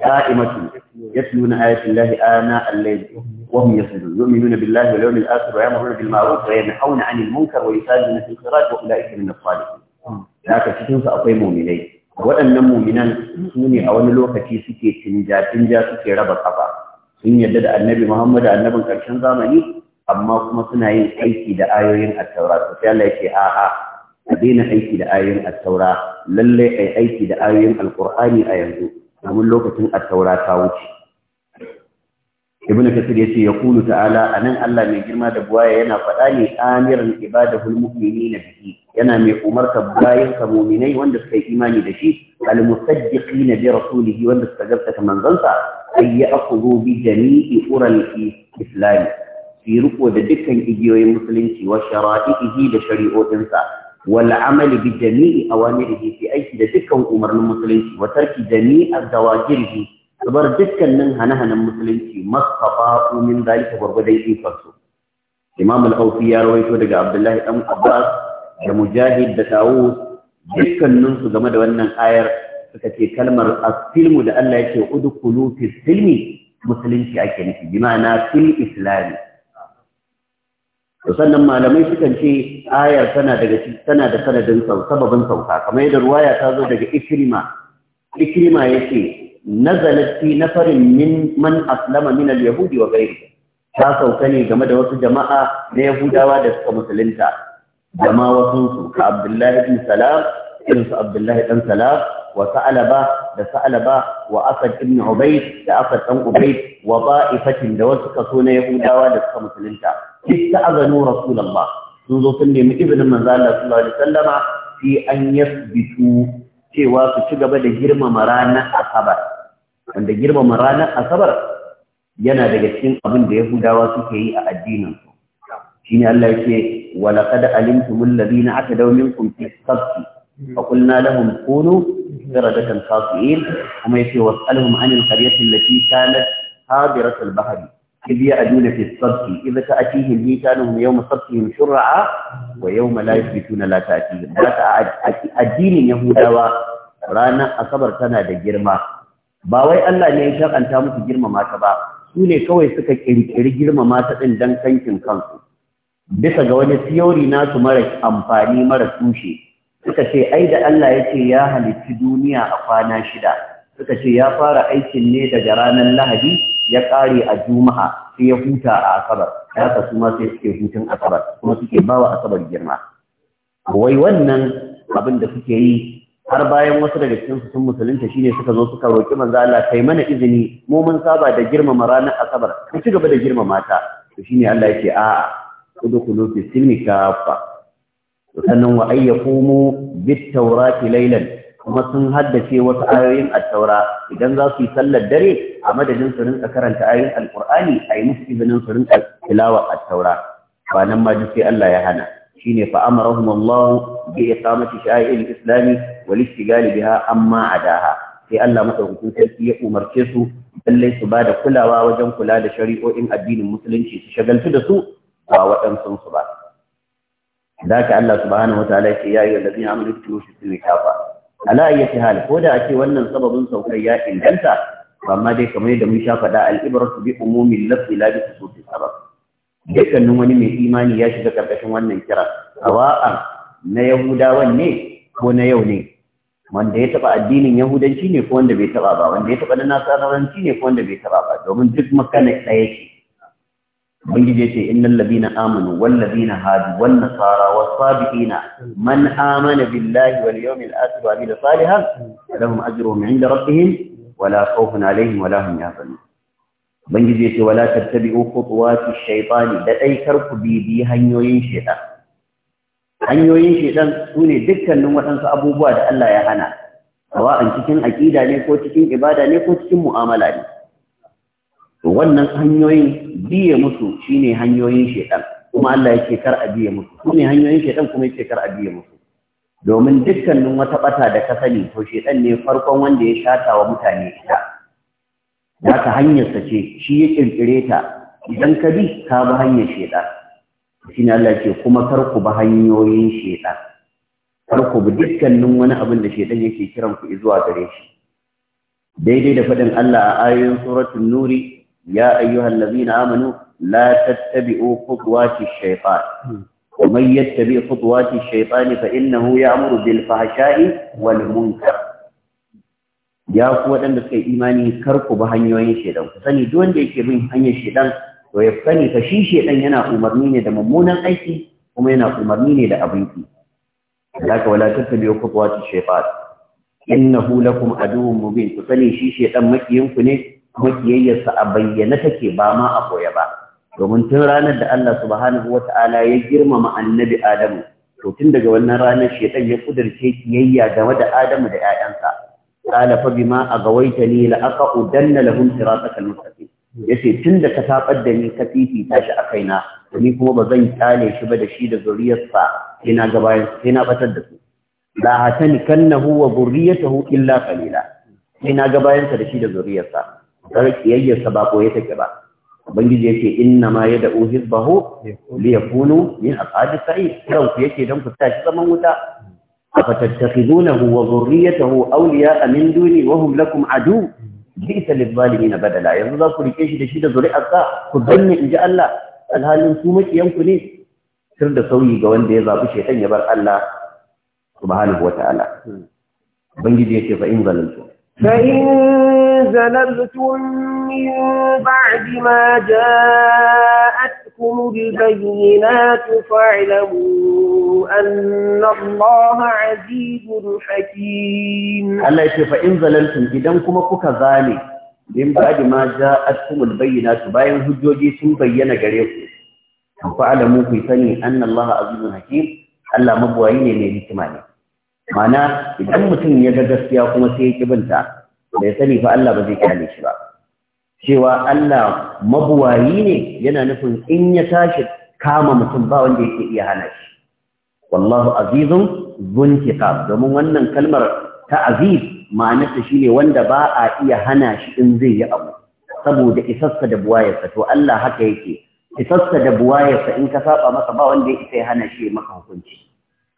qa'imatun yatluna ayati llahi ana al-layl wa hum yasjudun yu'minuna billahi wal yawmil akhir wa ya'muruna bil ma'ruf wa yanhauna 'anil munkar wa yusabihuna fil khairat wa ulaika min as-salihin haka cikin su akwai mu'minai waɗannan mu'minan su ne a wani lokaci suke tinja tinja suke raba kafa sun yarda da annabi Muhammadu annabin karshen zamani amma kuma suna yin aiki da ayoyin a taura to sai Allah yake a a a daina aiki da ayoyin a taura lalle ai aiki da ayoyin alkur'ani a yanzu domin lokacin a taura ta wuce ibnu kasir yace Kulu ta'ala anan Allah mai girma da buwaya yana faɗa ne amiran ibadahul na bihi yana mai umarta bayan ka mu'minai wanda suka yi imani da shi al musaddiqina bi rasulihi wanda suka gaskata manzansa ay ya'khudhu bi jami'i ural islam fi da dukkan igiyoyin musulunci wa shara'ihi da shari'o'insa wal amali bi jami'i awamirihi fi aiki da dukkan umarnin musulunci wa tarki jami'a dawajirihi su bar dukkanin hane-hanen musulunci mastafa'u min zalika gwargwadon ikonsu imam al-aufi ya rawaito daga abdullahi dan abbas da mujahid da tawus dukkaninsu game da wannan ayar suka ce kalmar asfilmu da Allah yake udkhulu fi silmi musulunci ake nufi bi ma'ana fil islami sannan malamai sukan ce ayar tana daga tana da sanadin sababin sauka kamar yadda ruwaya ta zo daga ikrima ikrima yake nazalat fi nafarin min man aslama min al-yahudi wa ghairihi ta sauka ne game da wasu jama'a na yahudawa da suka musulunta da wasu su ka abdullahi ibn salam irin su abdullahi dan salam wa sa'alaba da sa'alaba wa asad ibn ubayd da asad dan ubayd wa ba'ifatin da wasu kaso na yahudawa da suka musulunta ista'azanu rasulullah sun zo sun nemi Ibn manzo Allah sallallahu alaihi wasallama fi an yasbitu cewa su ci gaba da girmama ranar asabar wanda girmama ranar asabar yana daga cikin abin da yahudawa suke yi a addinin su shine Allah yake wa laqad alimtumul ladina atadaw minkum fi sabti fa qulna lahum kunu qiradatan khasiin kuma yake wasalhum anil qaryati allati kanat hadirat al-bahr إذ يأجون في الصبت إذا تأتيهم wa يوم صبتهم شرعا ويوم لا يثبتون لا addinin Yahudawa ranar asabar tana da girma. ba wai Allah ne ya shakanta musu girmama ta ba su ne kawai suka kirkiri girmama ta din dan kankin kansu bisa ga wani theory nasu mara amfani mara tushe suka ce ai da Allah ya ya halitta duniya a kwana shida suka ce ya fara aikin ne daga ranar Lahadi ya kare a Juma'a sai ya huta a Asabar haka su ma sai suke hutun Asabar kuma suke bawa Asabar girma wai wannan abin da suke yi har bayan wasu daga cikin su sun musulunta shine suka zo suka roki manzo Allah kai mana izini mu mun saba da girmama ranar asabar ku ci gaba da girmama ta to shine Allah yake a udkhulu fi silmi kafa sannan wa ayyaqumu bit tawrati laylan kuma sun haddace wasu ayoyin at-taura idan za su yi sallar dare a madadin su rinka karanta ayoyin alqur'ani ayi musu izinin su rinka tilawa at-taura ba nan ma duk sai Allah ya hana shine fa amarahum Allah bi iqamati sha'a'il islami walisti galibiha amma a daha sai Allah madaukakin sarki ya umarce su lallai su ba da kulawa wajen kula da shari'o'in addinin musulunci su shagaltu da su ba waɗansu su ba zaka Allah subhanahu wataala ce ya yi lazina amri tuwo shi sun kafa ala ayyati hal ko da a ake wannan sababin saukar ya inganta ba amma dai kamar yadda mun sha faɗa al-ibratu bi umumi lafzi la bi sufi sabab dukkanin wani mai imani ya shiga karkashin wannan kira sawa'a na yahudawan ne ko na yau ne wanda ya taba addinin yahudanci ne ko wanda bai taba ba wanda ya taba na nasaranci ne ko wanda bai taba ba domin duk makana ɗaya ce ubangiji ce innal ladina amanu wal ladina hadu wan nasara was sabiina man amana billahi wal yawmil akhir wa amila salihan lahum ajruhum inda rabbihim wala khawfun alaihim wala hum yahzanun ubangiji ce wala tattabi'u khutuwati shaytani da dai kar ku bibi hanyoyin shaytan hanyoyin shedan su ne dukkanin waɗansu abubuwa da Allah ya hana A cikin aƙida ne ko cikin ibada ne ko cikin mu'amala ne wannan hanyoyin biye musu shine hanyoyin shedan kuma Allah yake kar a biye musu su ne hanyoyin shedan kuma yake kar a biye musu domin dukkanin wata bata da ka sani to shedan ne farkon wanda ya shata wa mutane ita haka hanyarsa ce shi ya kirkire ta idan ka bi ka bi hanyar shedan shine Allah ce kuma kar ku bi hanyoyin shedan kar bi dukkanin wani abin da shedan yake kiran ku zuwa gare shi daidai da faɗin Allah a ayoyin suratul nuri ya ayyuhal ladina amanu la tattabi'u khutuwati shaytan wa man yattabi khutuwati shaytan fa innahu ya'muru bil ya ku waɗanda suka yi imani kar ku hanyoyin shedan ku sani duk wanda yake bin hanyar shedan to ya sani fa shi shedan yana umarni ne da mummunan aiki kuma yana umarni ne da abin ki laka wala tattabi'u khutuwati shaytan innahu lakum aduwwun mubin ku sani shi shedan makiyin ku ne makiyayyarsa a bayyana take ba ma a koya ba domin tun ranar da Allah subhanahu wata'ala ya girmama annabi Adamu to tun daga wannan ranar shedan ya kudirce kiyayya game da Adamu da ƴaƴansa qala fa bima agawaitani la aqudanna lahum siratal yace tun da ka tabar da ni ka ta shi a kaina ni kuma ba zan kyale shi ba da shi da zuriyarsa sai na ga sai na batar da su la hatani kannahu wa zuriyatuhu illa qalila sai na ga bayan sa da shi da zuriyarsa kar sa ba ko ya take ba ubangiji yace inna ma yad'u hizbahu li yakunu min aqadi sa'id kar ku yake dan ku tashi zaman wuta afatattakhidunahu wa zuriyatuhu awliya'a min duni wa hum lakum adu bisa lizzalimi na badala yanzu za ku rike shi da shi da ka ku danne in ji Allah alhalin su makiyanku ne sir da sauyi ga wanda ya zaɓi shaitan ya bar Allah subhanahu wa ta'ala ubangiji ya ce fa in zalaltu fa in zalaltum min ba'di ma jaa جاءتكم البينات فاعلموا أن الله عزيز حكيم الله يقول فإن ظللتم إذن كما كوكا ظالي من بعد ما جاءتكم البينات باين هجوجي سن بينا غريكم فاعلموا في سني أن الله عزيز حكيم الله مبوعيني من هكماني معنى إذن متن يجد السياق ومسيح كبنتا ليسني فألا بذيك عليه شباب cewa Allah mabuwayi ne yana nufin in ya tashi kama mutum ba wanda yake iya hana shi wallahu azizun zuntiqab domin wannan kalmar ta aziz shi shine wanda ba a iya hana shi in zai yi abu saboda isassa da buwayarsa to Allah haka yake isassa da buwayarsa in ka saba masa ba wanda ya isa ya hana shi maka hukunci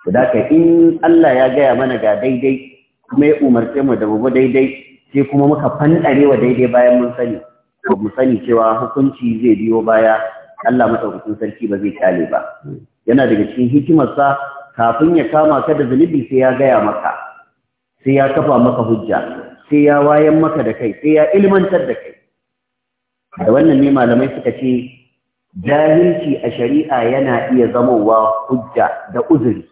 to da in Allah ya gaya mana ga daidai kuma ya umarce mu da mu daidai sai kuma muka fanɗare wa daidai bayan mun sani ko mu sani cewa hukunci zai biyo baya Allah madaukakin sarki ba zai kyale ba yana daga cikin hikimarsa kafin ya kama ka da zunubi sai ya gaya maka sai ya kafa maka hujja sai ya wayan maka da kai sai ya ilmantar da kai da wannan ne malamai suka ce jahilci a shari'a yana iya zamowa hujja da uzuri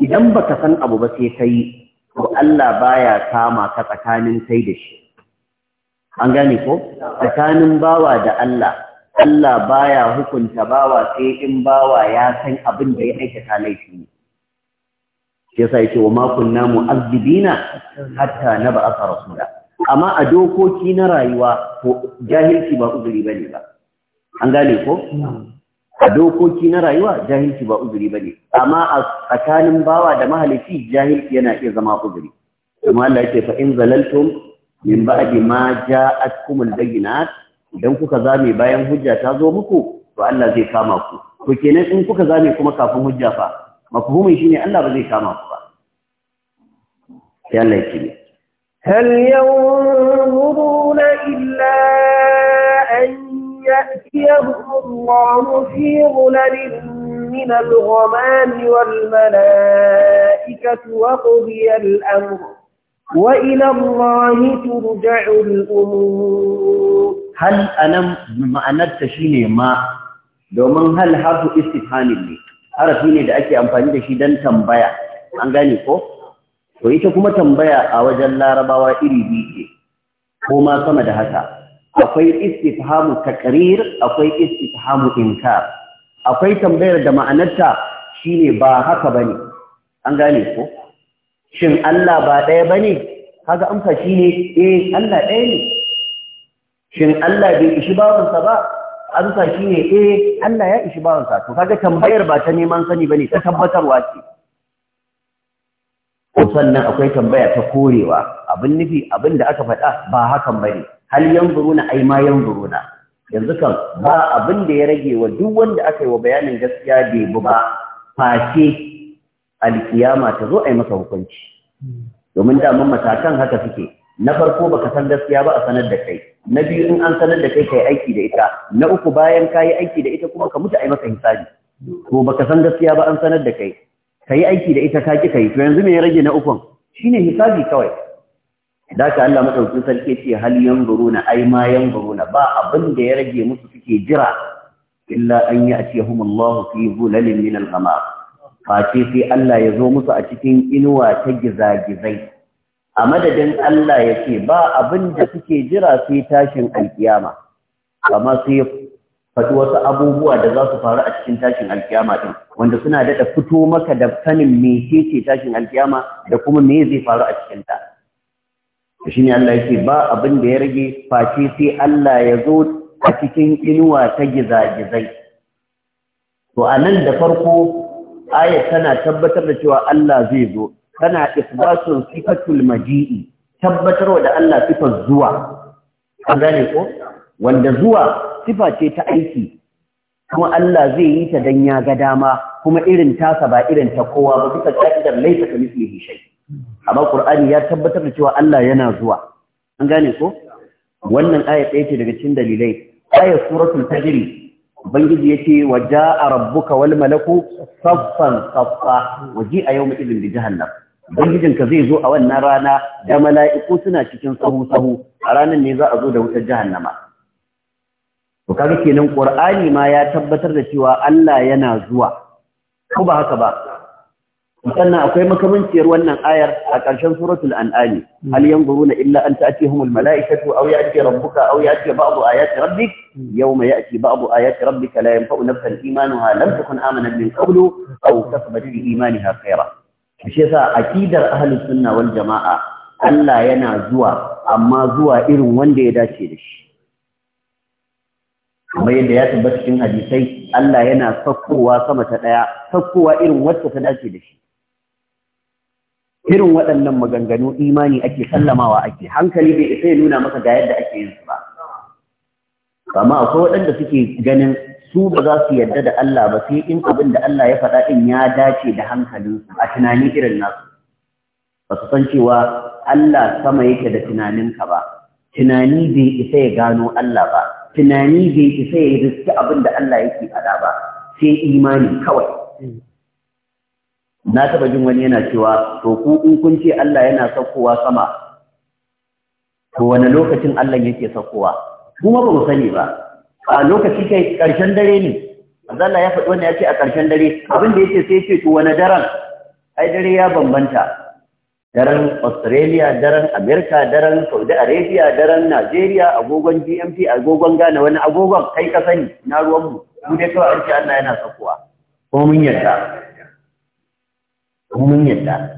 idan baka san abu ba sai kai to Allah baya kama ka tsakanin kai da shi an gane ko tsakanin bawa da Allah Allah baya hukunta bawa sai in bawa ya san abin da ya aikata laifi ne shi yasa yake wa ma kunna mu'azzibina hatta nab'a rasula amma a dokoki na rayuwa ko jahilci ba uzuri bane ba an gane ko a dokoki na rayuwa jahilci ba uzuri ba ne amma a tsakanin bawa da mahalici jahilci yana iya zama uzuri kuma Allah yake fa in zalaltum min ba'di ma ja'atkum bayyinat idan kuka zame bayan hujja ta zo muku to Allah zai kama ku to kenan in kuka zame kuma kafin hujja fa mafhumin shine Allah ba zai kama ku ba sai Allah yake hal ينظرون illa. يأتيهم الله في غلل من الغمام والملائكة وقضي الأمر وإلى الله ترجع الأمور هل أنا معنى تشيني ما domin hal harfu istifhamin ne harafi ne da ake amfani da shi don tambaya an gane ko to ita kuma tambaya a wajen larabawa iri biyu ko ma sama da haka akwai istifhamu takrir akwai istifhamu inkar akwai tambayar da ma'anarta shine ba haka bane an gane ko shin Allah ba ɗaya bane kaga amsa shine eh Allah ɗaya ne shin Allah bai ishi bawansa ba amsa shine eh Allah ya ishi bawansa to kaga tambayar ba ta neman sani bane ta tabbatarwa ce ko sannan akwai tambaya ta korewa abin nufi abin da aka faɗa ba hakan bane hal na ai ma na yanzu kan ba abin da ya rage wa duk wanda aka yi wa bayanin gaskiya bai bu ba face alkiyama ta zo ai masa hukunci domin da mun matakan haka suke na farko baka san gaskiya ba a sanar da kai na biyu in an sanar da kai kai aiki da ita na uku bayan ka aiki da ita kuma ka mutu ai masa hisabi to baka san gaskiya ba an sanar da kai ka aiki da ita ka ki kai to yanzu me ya rage na ukun shine hisabi kawai da ka Allah madaukakin sarki ce hal yanzuruna ai ma yanzuruna ba abin da ya rage musu suke jira illa an ya'tihum Allah fi zulalin min al fa face sai Allah ya zo musu a cikin inuwa ta gizagizai a madadin Allah ya ce ba abin da suke jira sai tashin alkiyama amma sai faɗi wasu abubuwa da za su faru a cikin tashin alkiyama ɗin wanda suna daɗa fito maka da sanin me ce tashin alkiyama da kuma me zai faru a cikin ta shi ne Allah yake ba abin da ya rage face sai Allah ya zo a cikin inuwa ta gizagizai to a nan da farko ayat tana tabbatar da cewa Allah zai zo tana isbatun sifatul maji'i tabbatarwa da Allah sifar zuwa an gane ko wanda zuwa sifa ce ta aiki kuma Allah zai yi ta dan ya ga dama kuma irin tasa ba irin ta kowa ba bisa ka'idar laisa ka mislihi shay amma qur'ani ya tabbatar da cewa Allah yana zuwa an gane ko wannan aya ɗaya ce daga cikin dalilai aya suratul fajr ubangiji yace wa jaa rabbuka wal malaku saffan saffa waji a yau idin bi jahannam ubangijin ka zai zo a wannan rana da mala'iku suna cikin sahu sahu a ranar ne za a zo da wutar jahannama to kaga kenan qur'ani ma ya tabbatar da cewa Allah yana zuwa ko ba haka ba sannan akwai makamanciyar wannan ayar a ƙarshen suratul an'ami hmm. hal yanzuruna illa an humul mala'ikatu aw ya'ti rabbuka aw ya'ti ba'du ayati rabbik hmm. yawma ya'ti ba'du ayati rabbika la yanfa'u nafsan imanuha lam takun amanat min qablu aw kasabat fi imaniha khayra shi yasa akidar ahli sunna wal jama'a Allah yana zuwa amma zuwa irin wanda ya dace da shi kamar yadda ya tabbata cikin hadisai Allah yana sakkowa sama ta daya sakkowa irin wacce ta dace da shi irin waɗannan maganganu imani ake sallamawa ake hankali bai isa ya nuna maka ga yadda ake yin su ba amma akwai waɗanda suke ganin su ba za su yarda da Allah ba sai in abin da Allah ya faɗa din ya dace da hankalinsu a tunani irin nasu ba su san cewa Allah sama yake da tunaninka ba tunani bai isa ya gano Allah ba tunani bai isa ya riski abin da Allah yake faɗa ba sai imani kawai na taba jin wani yana cewa to ku in kun ce Allah yana saukowa sama to wani lokacin Allah yake saukowa kuma ba mu sani ba a lokaci kai karshen dare ne Allah ya faɗi wannan ya ce a karshen dare abin da yake sai ce to wani daren ai dare ya bambanta daren Australia daren America daren Saudi Arabia daren Nigeria agogon GMT agogon Ghana wani agogon kai ka sani na ruwan mu mu dai kawai an ce Allah yana saukowa ko mun yarda mun yadda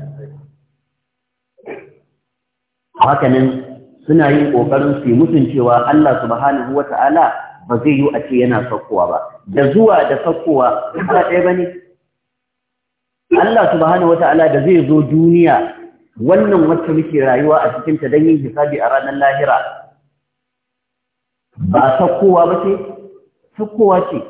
hakanin suna yin ƙoƙarin su yi mutun cewa Allah subhanahu wa ta'ala ba zai yi a ce yana saukowa ba da zuwa da saukowa ba ɗaya ba ne Allah subhanahu wa ta'ala da zai zo duniya wannan wacce muke rayuwa a cikin ta don yin hisabi a ranar lahira ba saukowa ba ce saukowa ce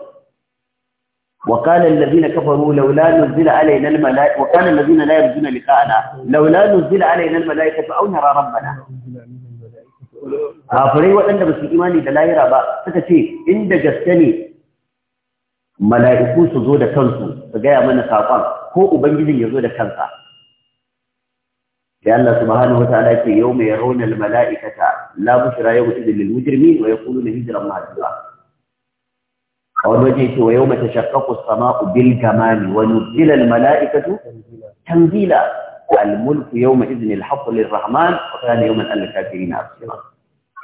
وقال الذين كفروا لولا نزل علينا الملائكة وكان الذين لا يرجون لقاءنا لولا نزل علينا الملائكة أو نرى ربنا waɗanda ba imani da lahira ba suka ce inda gaske ne mala'iku su zo da kansu su gaya mana saƙon ko ubangijin ya zo da kansa sai Allah subhanahu wa ta'ala ce yau mai raunar mala'ikata la bushra yau idin lil mujrimin wa yaquluna hijran ma'dura a wani waje ce wa yau mace shakkaku sama'u bil gamani wa nuzila mala'ikatu tanzila al mulku yawma idhin al haqqu lir rahman wa kana yawman al kafirin asira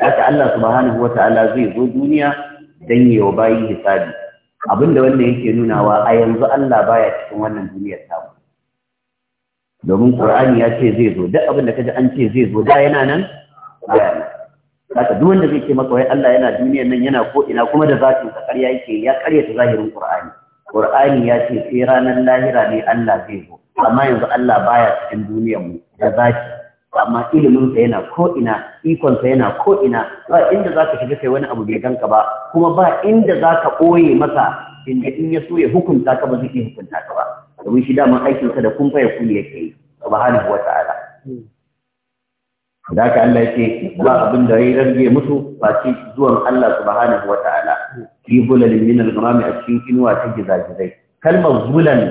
haka Allah subhanahu wa ta'ala zai zo duniya dan wa bayi hisabi abinda wannan yake nunawa a yanzu Allah baya cikin wannan duniyar tamu domin Qur'ani ya ce zai zo duk abin da kaji an ce zai zo da yana nan baya nan haka duk wanda zai ce maka wai Allah yana duniyar nan yana ko ina kuma da zatin ka ƙarya yake ya ƙarya ta zahirin Qur'ani Qur'ani ya ce sai ranar lahira ne Allah zai zo amma yanzu Allah baya cikin duniyar mu da zaki amma ilimin sa yana ko ina ikon sa yana ko ina ba inda zaka shiga sai wani abu bai ganka ba kuma ba inda zaka koye masa inda in ya so ya hukunta ka ba zai hukunta ka ba domin shi aikin aikinsa da kun fa ya kuli yake yi subhanahu wata'ala hmm. da haka Allah yake ba abin da rai rage musu ba ci zuwan Allah subhanahu wata'ala fi bulalin min al-ghamami a cikin inuwa ta gizagizai kalmar bulan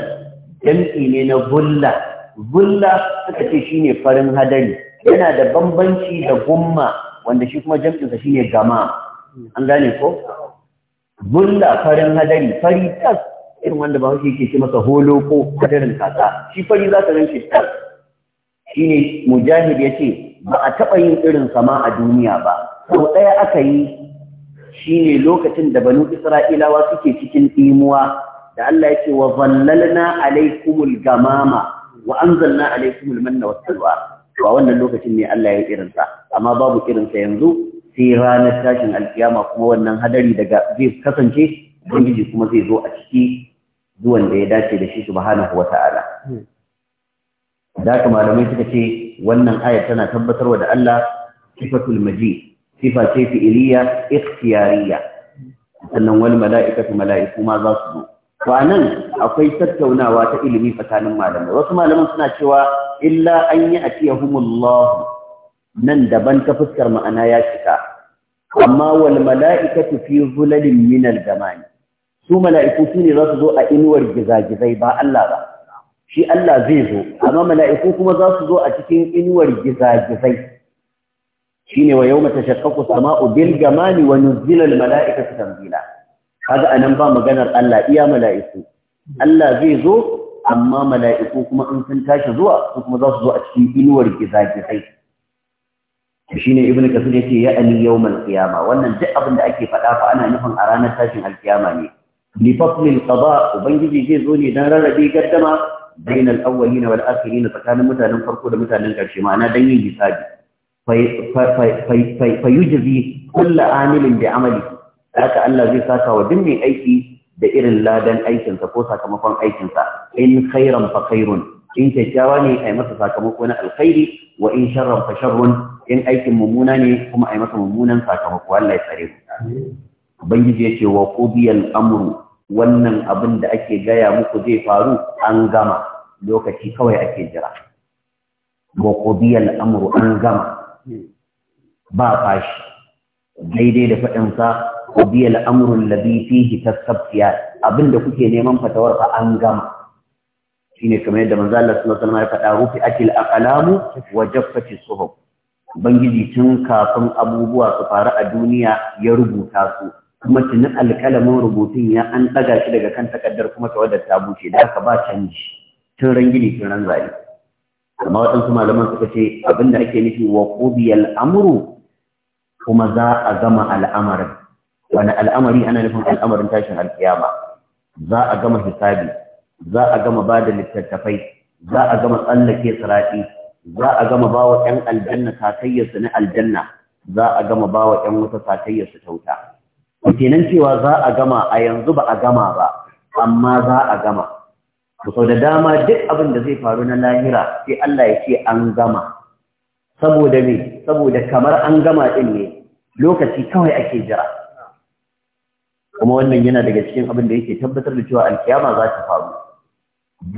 jam'i ne na bulla bulla suka ce shine farin hadari yana da bambanci da gumma wanda shi kuma jam'insa shine gama an gane ko bulla farin hadari fari tas irin wanda ba shi yake ce masa holo ko hadarin kasa shi fari za ka shi tas shine mujahid ya ce ba a taɓa yin irin sama a duniya ba sau ɗaya aka yi shi ne lokacin da banu isra'ilawa suke cikin imuwa da Allah yake wa zallalna alaikumul gamama wa anzalna alaikumul manna salwa ba wannan lokacin ne Allah ya irin irinsa. amma babu irin sa yanzu sai ranar tashin alkiyama kuma wannan hadari daga zai kasance ubangiji kuma zai zo a ciki zuwan da ya dace da shi subhanahu wata'ala hmm. da haka malamai suka ce wannan ayar tana tabbatarwa da Allah sifatul maji sifa ce fi'iliya ikhtiyariya sannan wal mala'ikatu mala'iku ma za su zo to anan akwai tattaunawa ta ilimi tsakanin malamai wasu malaman suna cewa illa an yi atiyahumullah nan daban ta fuskar ma'ana ya cika amma wal mala'ikatu fi zulalin min al su mala'iku su ne za su zo a inuwar gizagizai ba Allah ba shi Allah zai zo amma mala'iku kuma za su zo a cikin inuwar gizagizai ne wa yawma tashaqqaqu as-sama'u bil gamami wa nuzila Mala'ika su tambila. kaga anan ba maganar Allah iya mala'iku Allah zai zo amma mala'iku kuma in sun tashi zuwa su kuma za su zo a cikin inuwar gizagizai ne ibn kasir ce ya ani yawmal qiyama wannan duk abin da ake faɗa fa ana nufin a ranar tashin alkiyama ne li faslil ubangiji zai zo ne don rarrabe gaddama bain al-awwalin wal akhirin tsakanin mutanen farko da mutanen karshe ma'ana dan yin hisabi fa yujzi kullu amilin bi amali haka Allah zai saka wa duk mai aiki da irin ladan aikinsa ko sakamakon aikinsa in khairan fa khairun in kyakkyawa ne ai masa sakamako na alkhairi wa in sharran fa sharrun in aikin mummuna ne kuma ai masa mummunan sakamako Allah ya tsare mu ubangiji yace wa qubiyal amru wannan abin da ake gaya muku zai faru an gama lokaci kawai ake jira Ba kobiyar amru an gama ba fashi daidai da faɗin sa qudiyal amru ta fihi Abin da kuke neman fatawar fa an gama shine kamar yadda manzo Allah sallallahu alaihi wasallam ya faɗa rufi atil aqlamu wa jaffati suhuf ubangiji tun kafin abubuwa su faru a duniya ya rubuta su kuma tuni alƙalamin rubutun ya an ɗaga shi daga kan takardar kuma tawadar ta bushe da haka ba canji tun ran gini tun ran amma waɗansu malaman suka ce abin da ake nufi wa qudiyal amru kuma za a gama al'amarin wani al'amari ana nufin al'amarin tashin alkiyama za a gama hisabi za a gama ba da littattafai za a gama tsallake sirati za a gama ba wa ‘yan aljanna sakayyarsu na aljanna za a gama ba wa ‘yan wata sakayyarsu ta wuta kenan cewa za a gama a yanzu ba a gama ba amma za a gama to da dama duk abin da zai faru na lahira sai Allah ya ce an gama saboda ne saboda kamar an gama din ne lokaci kawai ake jira kuma wannan yana daga cikin abin da yake tabbatar da cewa alkiyama za ta faru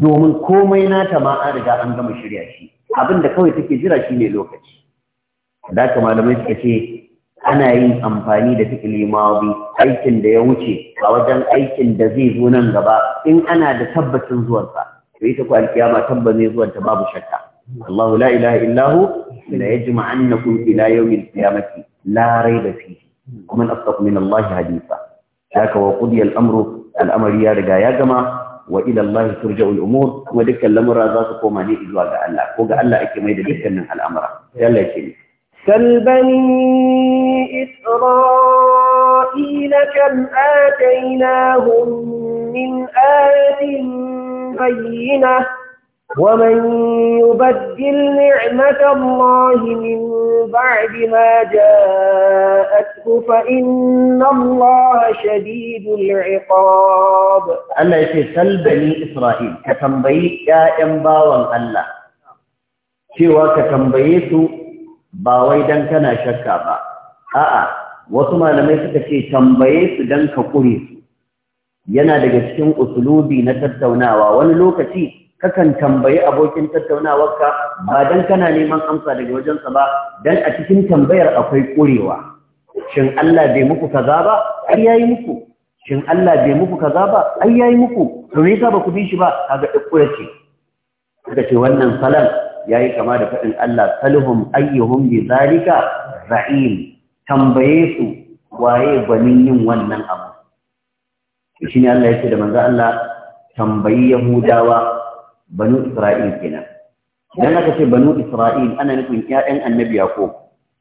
domin komai nata ma an riga an gama shirya shi abin da kawai take jira shine lokaci da haka malamai suka ce ana yin amfani da fi'ili madi aikin da ya wuce a wajen aikin da zai zo nan gaba in ana da tabbacin zuwansa to ita ku alkiyama tabba zai babu shakka Allahu la ilaha illahu la yajma'annakum ila yawmil qiyamati la rayba fihi kuma asdaqu min Allah haditha haka wa qudiya al-amru al-amri ya riga ya gama wa ila Allah turja'u al-umur kuma dukkan lamura za su koma ne zuwa ga Allah ko ga Allah ake mai da dukkanin al'amura sai Allah ya ce سلبني إسرائيل كم آتيناهم من آية بينة ومن يبدل نعمة الله من بعد ما جاءته فإن الله شديد العقاب ألا يقول سل بني إسرائيل كتنبيه يا إنباوان الله شوى كتنبيه ba wai dan kana shakka ba a'a wasu malamai suka ce tambaye su dan ka kure su yana daga cikin usulubi na tattaunawa wani lokaci kakan tambayi abokin tattaunawarka ba dan kana neman amsa daga wajensa ba dan a cikin tambayar akwai kurewa shin Allah bai muku kaza ba ai yayi muku shin Allah bai muku kaza ba ai yayi muku to me yasa ba ku bi shi ba kaga dukkuya ce suka ce wannan salon ya yi kama da faɗin Allah salihun ayyuhun bi zalika ra'im tambaye su waye gwanin yin wannan abu shi ne Allah ya ce da manzo Allah tambayi Yahudawa banu Isra'il kenan Idan aka ce banu Isra'il ana nufin 'ya'yan annabi ko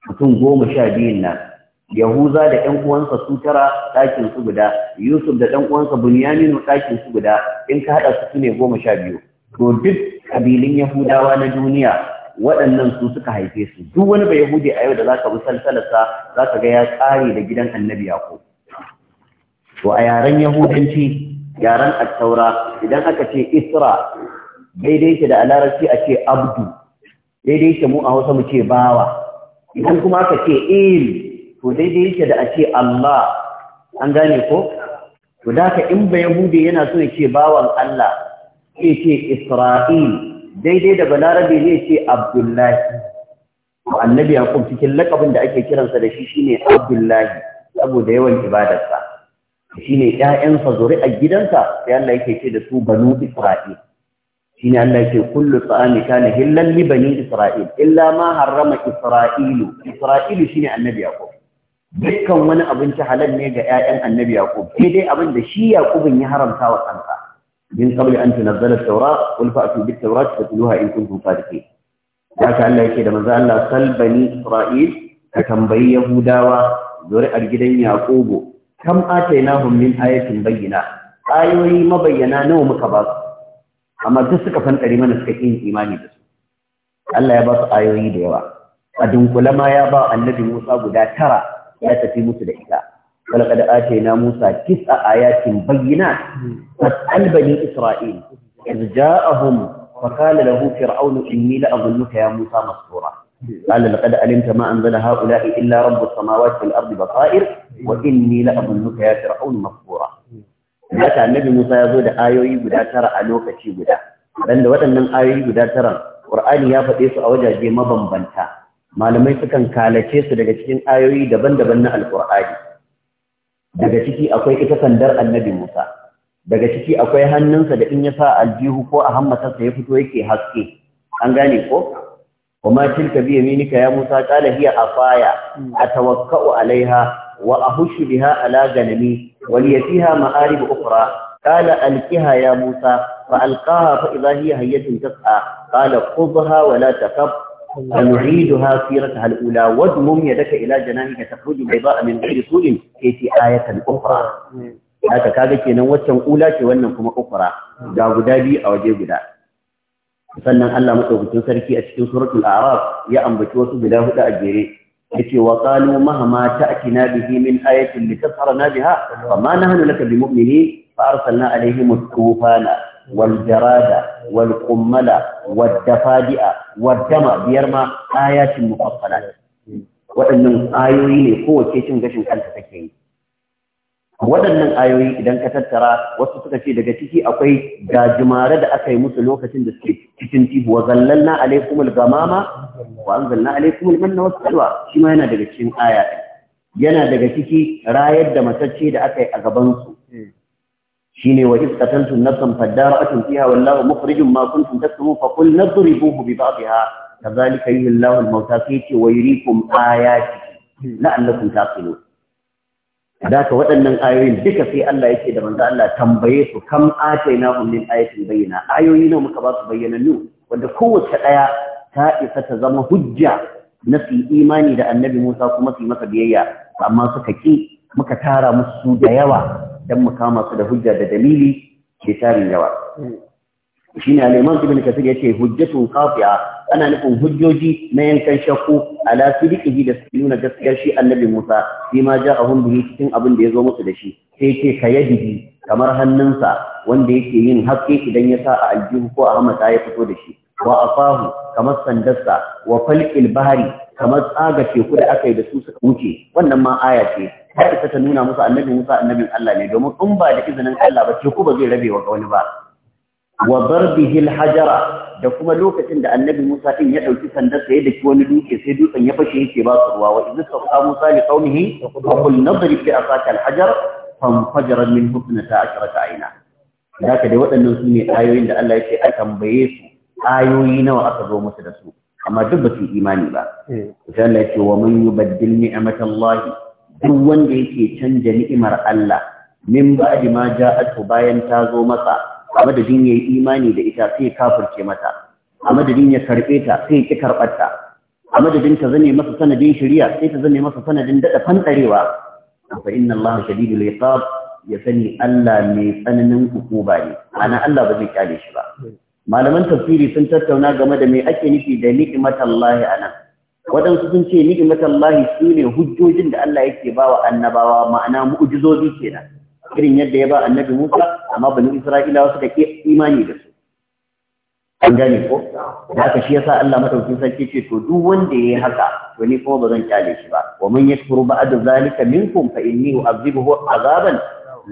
mutum goma sha biyun nan Yahuza da ‘yan uwansa sutara, tara ɗakin su guda, Yusuf da ɗan uwansa Bunyaminu ɗakin su guda, in ka haɗa su ne goma sha biyu. to duk kabilin yahudawa na duniya waɗannan su suka haife su duk wani bai yahudi a yau da zaka bi salsalarsa zaka ga ya tsare da gidan annabi yaqub to a yaren yahudanci yaren attaura idan aka ce isra daidai ke da alararci a ce abdu daidai ke mu a hausa mu ce bawa idan kuma aka ce il to daidai ke da a ce allah an gane ko to da in ba yahudi yana so ya ce bawan allah zai ce Isra'il daidai da balarabe ne ce Abdullahi annabi Yaqub cikin lakabin da ake kiransa da shi shine Abdullahi saboda yawan ibadarsa shine ƴaƴansa zuri'ar gidansa sai Allah yake ce da su banu Isra'il shine Allah yake kullu ta'ami kana hillal li bani Isra'il illa ma harrama Isra'ilu Isra'ilu shine annabi Yaqub dukkan wani abinci halal ne ga ƴaƴan annabi Yaqub sai dai abin da shi Yaqubin ya haramta wa kansa من قبل أن تنزل التوراة قل فأتوا بالتوراة فتلوها إن كنتم ke. ذاك الله يكي da maza Allah sal bani Isra'il ka tambayi Yahudawa zuri'ar gidan Yaqubu kam atainahum min ayatin bayyina ayoyi mabayyana nawa muka ba su amma duk suka fantare mana suka kin imani da su Allah ya basu ayoyi da yawa a dunkule ma ya ba annabi Musa guda tara ya tafi musu da ita ولقد آتينا موسى تسع آيات بينات فاسأل بني إسرائيل إذ جاءهم فقال له فرعون إني لأظنك يا موسى مسحورا قال لقد علمت ما أنزل هؤلاء إلا رب السماوات والأرض بصائر وإني لأظنك يا فرعون مسحورا ذاك النبي موسى يزود آيوي بدا ترى ألوك شي بدا لأن وطنن آيوي بدا ترى قرآن يا فتيس أوجه جي مبنبنتا malamai sukan kalace su daga cikin ayoyi daban-daban na alkur'ani daga ciki akwai ita sandar annabi Musa daga ciki akwai hannunsa da in ya sa aljihu ko a hammatarsa ya fito yake haske an gane ko kuma tilka bi yaminika ya Musa kala hiya a tawakka'u alaiha wa ahushu biha ala ganami wa li fiha ma'arib ukhra kala alkiha ya Musa fa alqaha fa idha hiya tas'a kala khudha wa la سنعيدها سيرتها الأولى واضمم يدك إلى جنانك تخرج بيضاء من غير سوء تأتي آية أخرى haka kaga kenan waccan ula ce wannan kuma ukura ga guda biyu a waje guda sannan Allah madaukakin sarki a cikin suratul a'raf ya ambaci wasu guda hudu a jere yace wa qalu mahma ta'tina bihi min ayatin litasharna biha wa ma nahnu laka bimu'minin fa arsalna alaihim tufana والجرادة والقملة والدفادئة والدم بيرما آيات مفصلات waɗannan ayoyi ne kowace cin gashin kanta take yi waɗannan ayoyi idan ka tattara wasu suka ce daga ciki akwai gajimare da aka yi musu lokacin da suke cikin tibu wa zallalna alaikum al-gamama wa anzalna alaikum al-manna wa salwa shi ma yana daga cikin aya yana daga ciki rayar da matacce da aka yi a gaban su shine wa iz qataltum nafsan fadara'atun fiha wallahu mukhrijum ma kuntum taktumun fa qul nadribuhu bi ba'dha kadhalika yuhyi al-mauta fihi wa yuriikum ayatihi la'allakum taqilun ka waɗannan ayoyin duka sai Allah yake da manzo Allah tambaye su kam atainahum min ayatin bayyana. ayoyi ne muka ba su bayyanannu wanda kowace ɗaya ta isa ta zama hujja na fi imani da annabi Musa kuma su masa biyayya amma suka ki muka tara musu da yawa dan mu kama su da hujja da dalili da tarin yawa shine al-Imam Ibn Kathir yace hujjatun kafiya. ana nufin hujjoji na yankan shakku ala sidiqihi da nuna gaskiyar shi Annabi Musa shi ma a bihi cikin abin da zo musu da shi sai ce kayadihi kamar hannunsa wanda yake yin haske idan ya sa a aljihu ko a hamata ya fito da shi wa afahu kamar sandarsa wa falqil Bahari kamar tsaga teku da aka yi da su suka wuce wannan ma aya ce ta isa ta nuna musu annabi Musa annabin Allah ne domin in ba da izinin Allah ba teku ba zai rabe wa wani ba wa bihil hajara da kuma lokacin da annabi Musa din ya dauki sandar saye da daki wani duke sai dutsen ya fashe yake ba su ruwa wa idza saqa Musa li qaumihi fa qul nadrib bi asaka al-hajar fanfajara min huknata ashrata aina haka dai waɗannan su ne ayoyin da Allah yake a tambaye su ayoyi nawa aka zo musu da su amma duk ba su imani ba eh. sai Allah ce wa man yubaddil ni'matallahi duk wanda yake canja ni'imar Allah min ba'di ma ja'atu bayan ta zo masa a madadin yayi imani da ita sai kafirce mata da madadin ya karbe ta sai ki karbar ta da madadin ta zane masa sanadin shari'a sai ta zane masa sanadin dada fantarewa fa inna Allah shadidul iqab ya sani Allah mai tsananin hukuma ne ana Allah ba zai kyale shi ba malaman tafsiri sun tattauna game da me ake nufi da ni'imatallahi anan waɗansu sun ce ni'imatallahi su ne hujjojin da Allah yake bawa annabawa ma'ana mu'ujizozi kenan irin yadda ya ba annabi Musa amma bani Isra'ila wasu da ke imani da su an gane ko da haka shi yasa Allah madaukakin sarki ce to duk wanda yayi haka to ni kuma bazan kyale shi ba wa man yashkuru ba'da zalika minkum fa inni u'adhibuhu azaban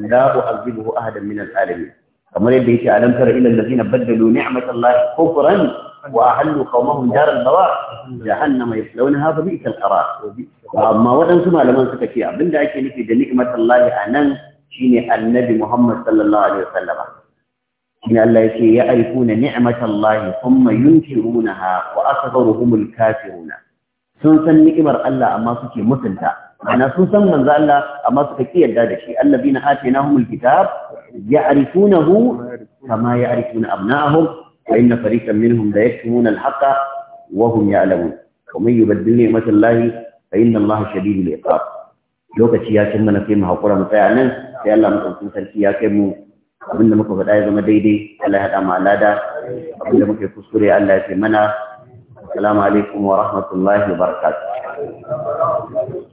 la u'adhibuhu ahadan min al-alamin kamar yadda yake alam tara ila allazina baddalu ni'matallahi kufran وأهلوا قومهم دار البوار جهنم يصلونها فبئس القرار وأما ودن سما لمن سكتي أبن دعك نكي دنئمة الله أنن شين النبي محمد صلى الله عليه وسلم إن الله يكي يعرفون نعمة الله ثم ينكرونها وأكثرهم الكافرون سنسن نئمر الله أما سكي مسلتا ana sun san manzo Allah amma suka ki yarda da shi allazina atainahumul kitab ya'rifunahu kama ya'rifuna abna'ahum وإن فريقا منهم ليكتمون الحق وهم يعلمون ومن يبدل نعمة الله فإن الله شديد العقاب lokaci ya cin mana sai mu hakura mu tsaya nan sai Allah madaukakin sarki ya kai mu abinda muka faɗa ya zama daidai Allah ya haɗa alada abinda muke kuskure Allah ya kai mana assalamu alaikum wa rahmatullahi wa barakatuh